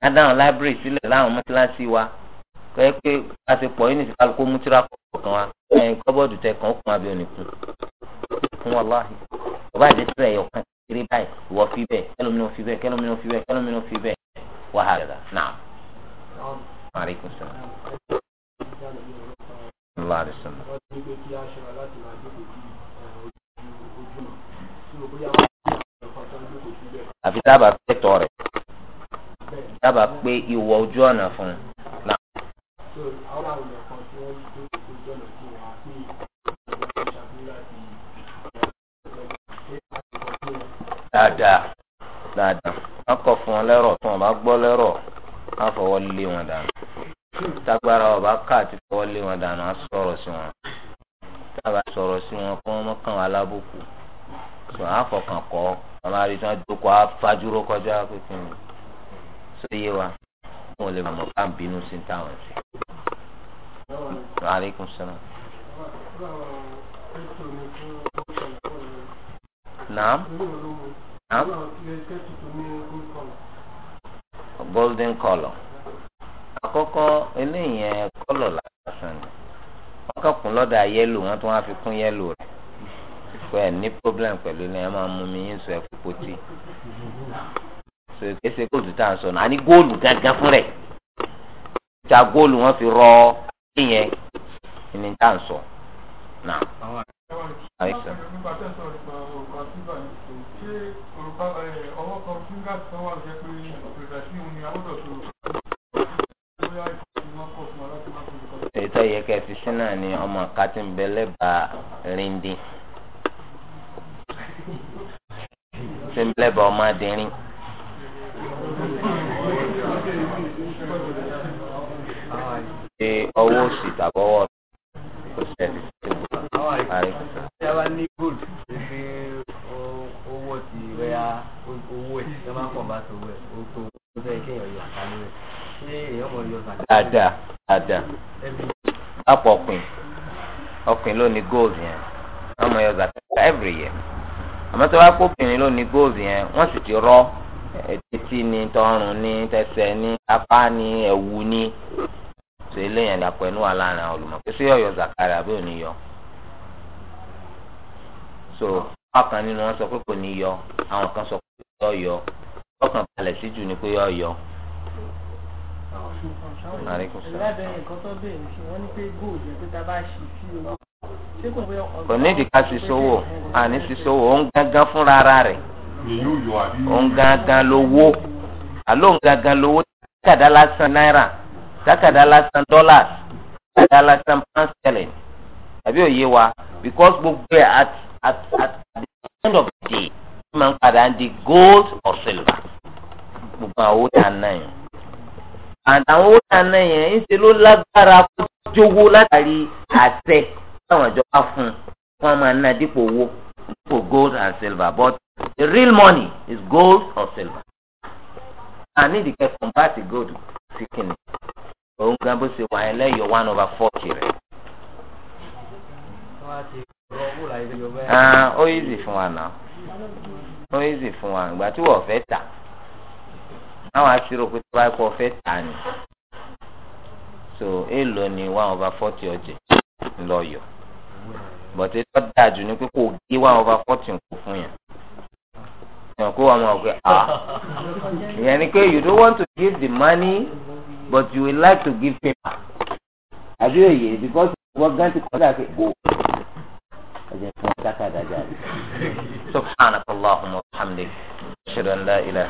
á dáhùn library sílẹ̀ láwọn mọ́tíláṣí wa kọ́ ẹ pé a ti pọ̀ yín ìsìnkú alùpùpù mútúrà kọ̀ọ̀kan wa ẹ̀yìn kọ́bọ̀dù tẹ kàn ó kún abẹ́ òní kún fún wa láàyè bàbá àjẹ tẹ ẹ̀yọ̀ kan kiri báyìí ìwọ fi bẹ́ẹ̀ kẹlómi náà fi bẹ́ẹ̀ kẹlómi náà fi bẹ́ẹ̀ kẹlómi náà fi bẹ́ẹ̀ wàhálà rẹ̀ náà. maaleykum salaam àfi tábà pé tọ́ rẹ̀ tábà pé ìwọ ojú ọ̀nà fún un. dáadáa dáadáa wọn kọ fún wọn lẹ́rọ̀ tí wọn bá gbọ́ lẹ́rọ̀ wọn fọwọ́ lé wọn dànù tágbára ọba ká àti fọwọ́ lé wọn dànù á sọ̀rọ̀ sí wọn tábà sọ̀rọ̀ sí wọn kó wọn mọ kàn wọn alábùkù sọ àfọkàn kọ ọmọ àrí tí wọn dókò afájúró kọjá pínpín sọ yé wa wọn ò lè mọ ká ń bínú sí táwọn sí. aleykum salaam. naam naam golden colour àkọ́kọ́ eléyìí yẹn kọ́lọ̀ lásán ni wọ́n kàn kún lọ́dà yẹ́lò wọ́n tún wá fi kún yẹ́lò rẹ̀ pé ẹ ní problem pẹ̀lú ilé ẹ máa mú mi yín sọ ẹ fún pọtì so kése góòlù tá à ń sọ náà àní góòlù gángan fún rẹ̀ ta góòlù wọn fi rọ ìyẹn ní tá à ń sọ náà. àìsàn. ètò ìyẹ́kẹ́ fi sí náà ni ọmọ kátìmbẹ́lẹ́ bá rìndín. ṣe ń lẹ́bàá ọmọdéyìn. ṣe ọwọ́ òsì tàbọ̀wọ́ kò sẹ́ni tó gbà parí. ṣé a bá ní gold ṣe owó ti rẹ́à owó ẹ̀ ṣe máa ń pọ̀ bá tó wẹ̀ ó tó ó fẹ́ kéèyàn yọ àkàlẹ́ rẹ̀ ṣé èèyàn mọ̀ yọ àkàlẹ́ rẹ̀. dáadáa dáadáa lápò ọ̀pìn ọ̀pìn ló ní gold yẹn wọ́n mọ̀ yọ àkàlẹ́ every year àmọ́ tó bá kóbìnrin ló ní góòlù yẹn wọ́n sì ti rọ́ etí ni tọrùn ni tẹsẹ̀ ni apá ni ẹ̀wù ni tó eléyàn ní apẹ̀lú wa láàrin àwọn olùmọ̀ pé sí ọ̀yọ́ zakari àbí òní yọ. so ọkàn nínú wọn sọ pé kò ní yọ àwọn kan sọ pé yọ ọkàn balẹ̀ sí ni pé yọ kò nídìí ká sí sówó àní sí sówó ó ń gángan fúnra ara rẹ̀ ó ń gángan lówó àló ń gángan lówó tákàdá lásán náírà tákàdá lásán dọ́là tákàdá lásán pánṣẹ́lẹ̀ àbí òye wa because gbogbo ẹ̀ at at at the end of the day ó máa ń padà di gold or silver gbogbo àwọn náà àtàwọn owó tà náà yẹn ń ṣe ló lágbára kó jówó látàrí àṣẹ táwọn ìjọba fún wọn máa ná dípò owó dípò gold and silver but the real money is gold or silver. àní ìdíkẹ́ kọ̀m̀pátì gold sí kìnnì òun gan bó ṣe wà ẹlẹ́yọ̀ one over four kiri. Ah, ó yìí sì fún wa náà ó yìí sì fún wa ìgbà tí wọ́n fẹ́ tà àwọn aṣírò pé tó bá kọ fẹ́ tà ní so èèlò ni one over forty ọjẹ ńlọyọ bọ̀tẹ́ tó dáa jù ni pé kò gé one over forty nkú fún yẹn yàn kó àwọn ọ̀gbẹ́ ah ìyẹn ni pé you don't want to give the money but you would like to give paper àbí òye because wọ́n gán ti kọ́ dà pé o oh. ọjọ́ tí wọ́n dákàdá jáde subhanakallahumma wa bihamdik ashhadu illa.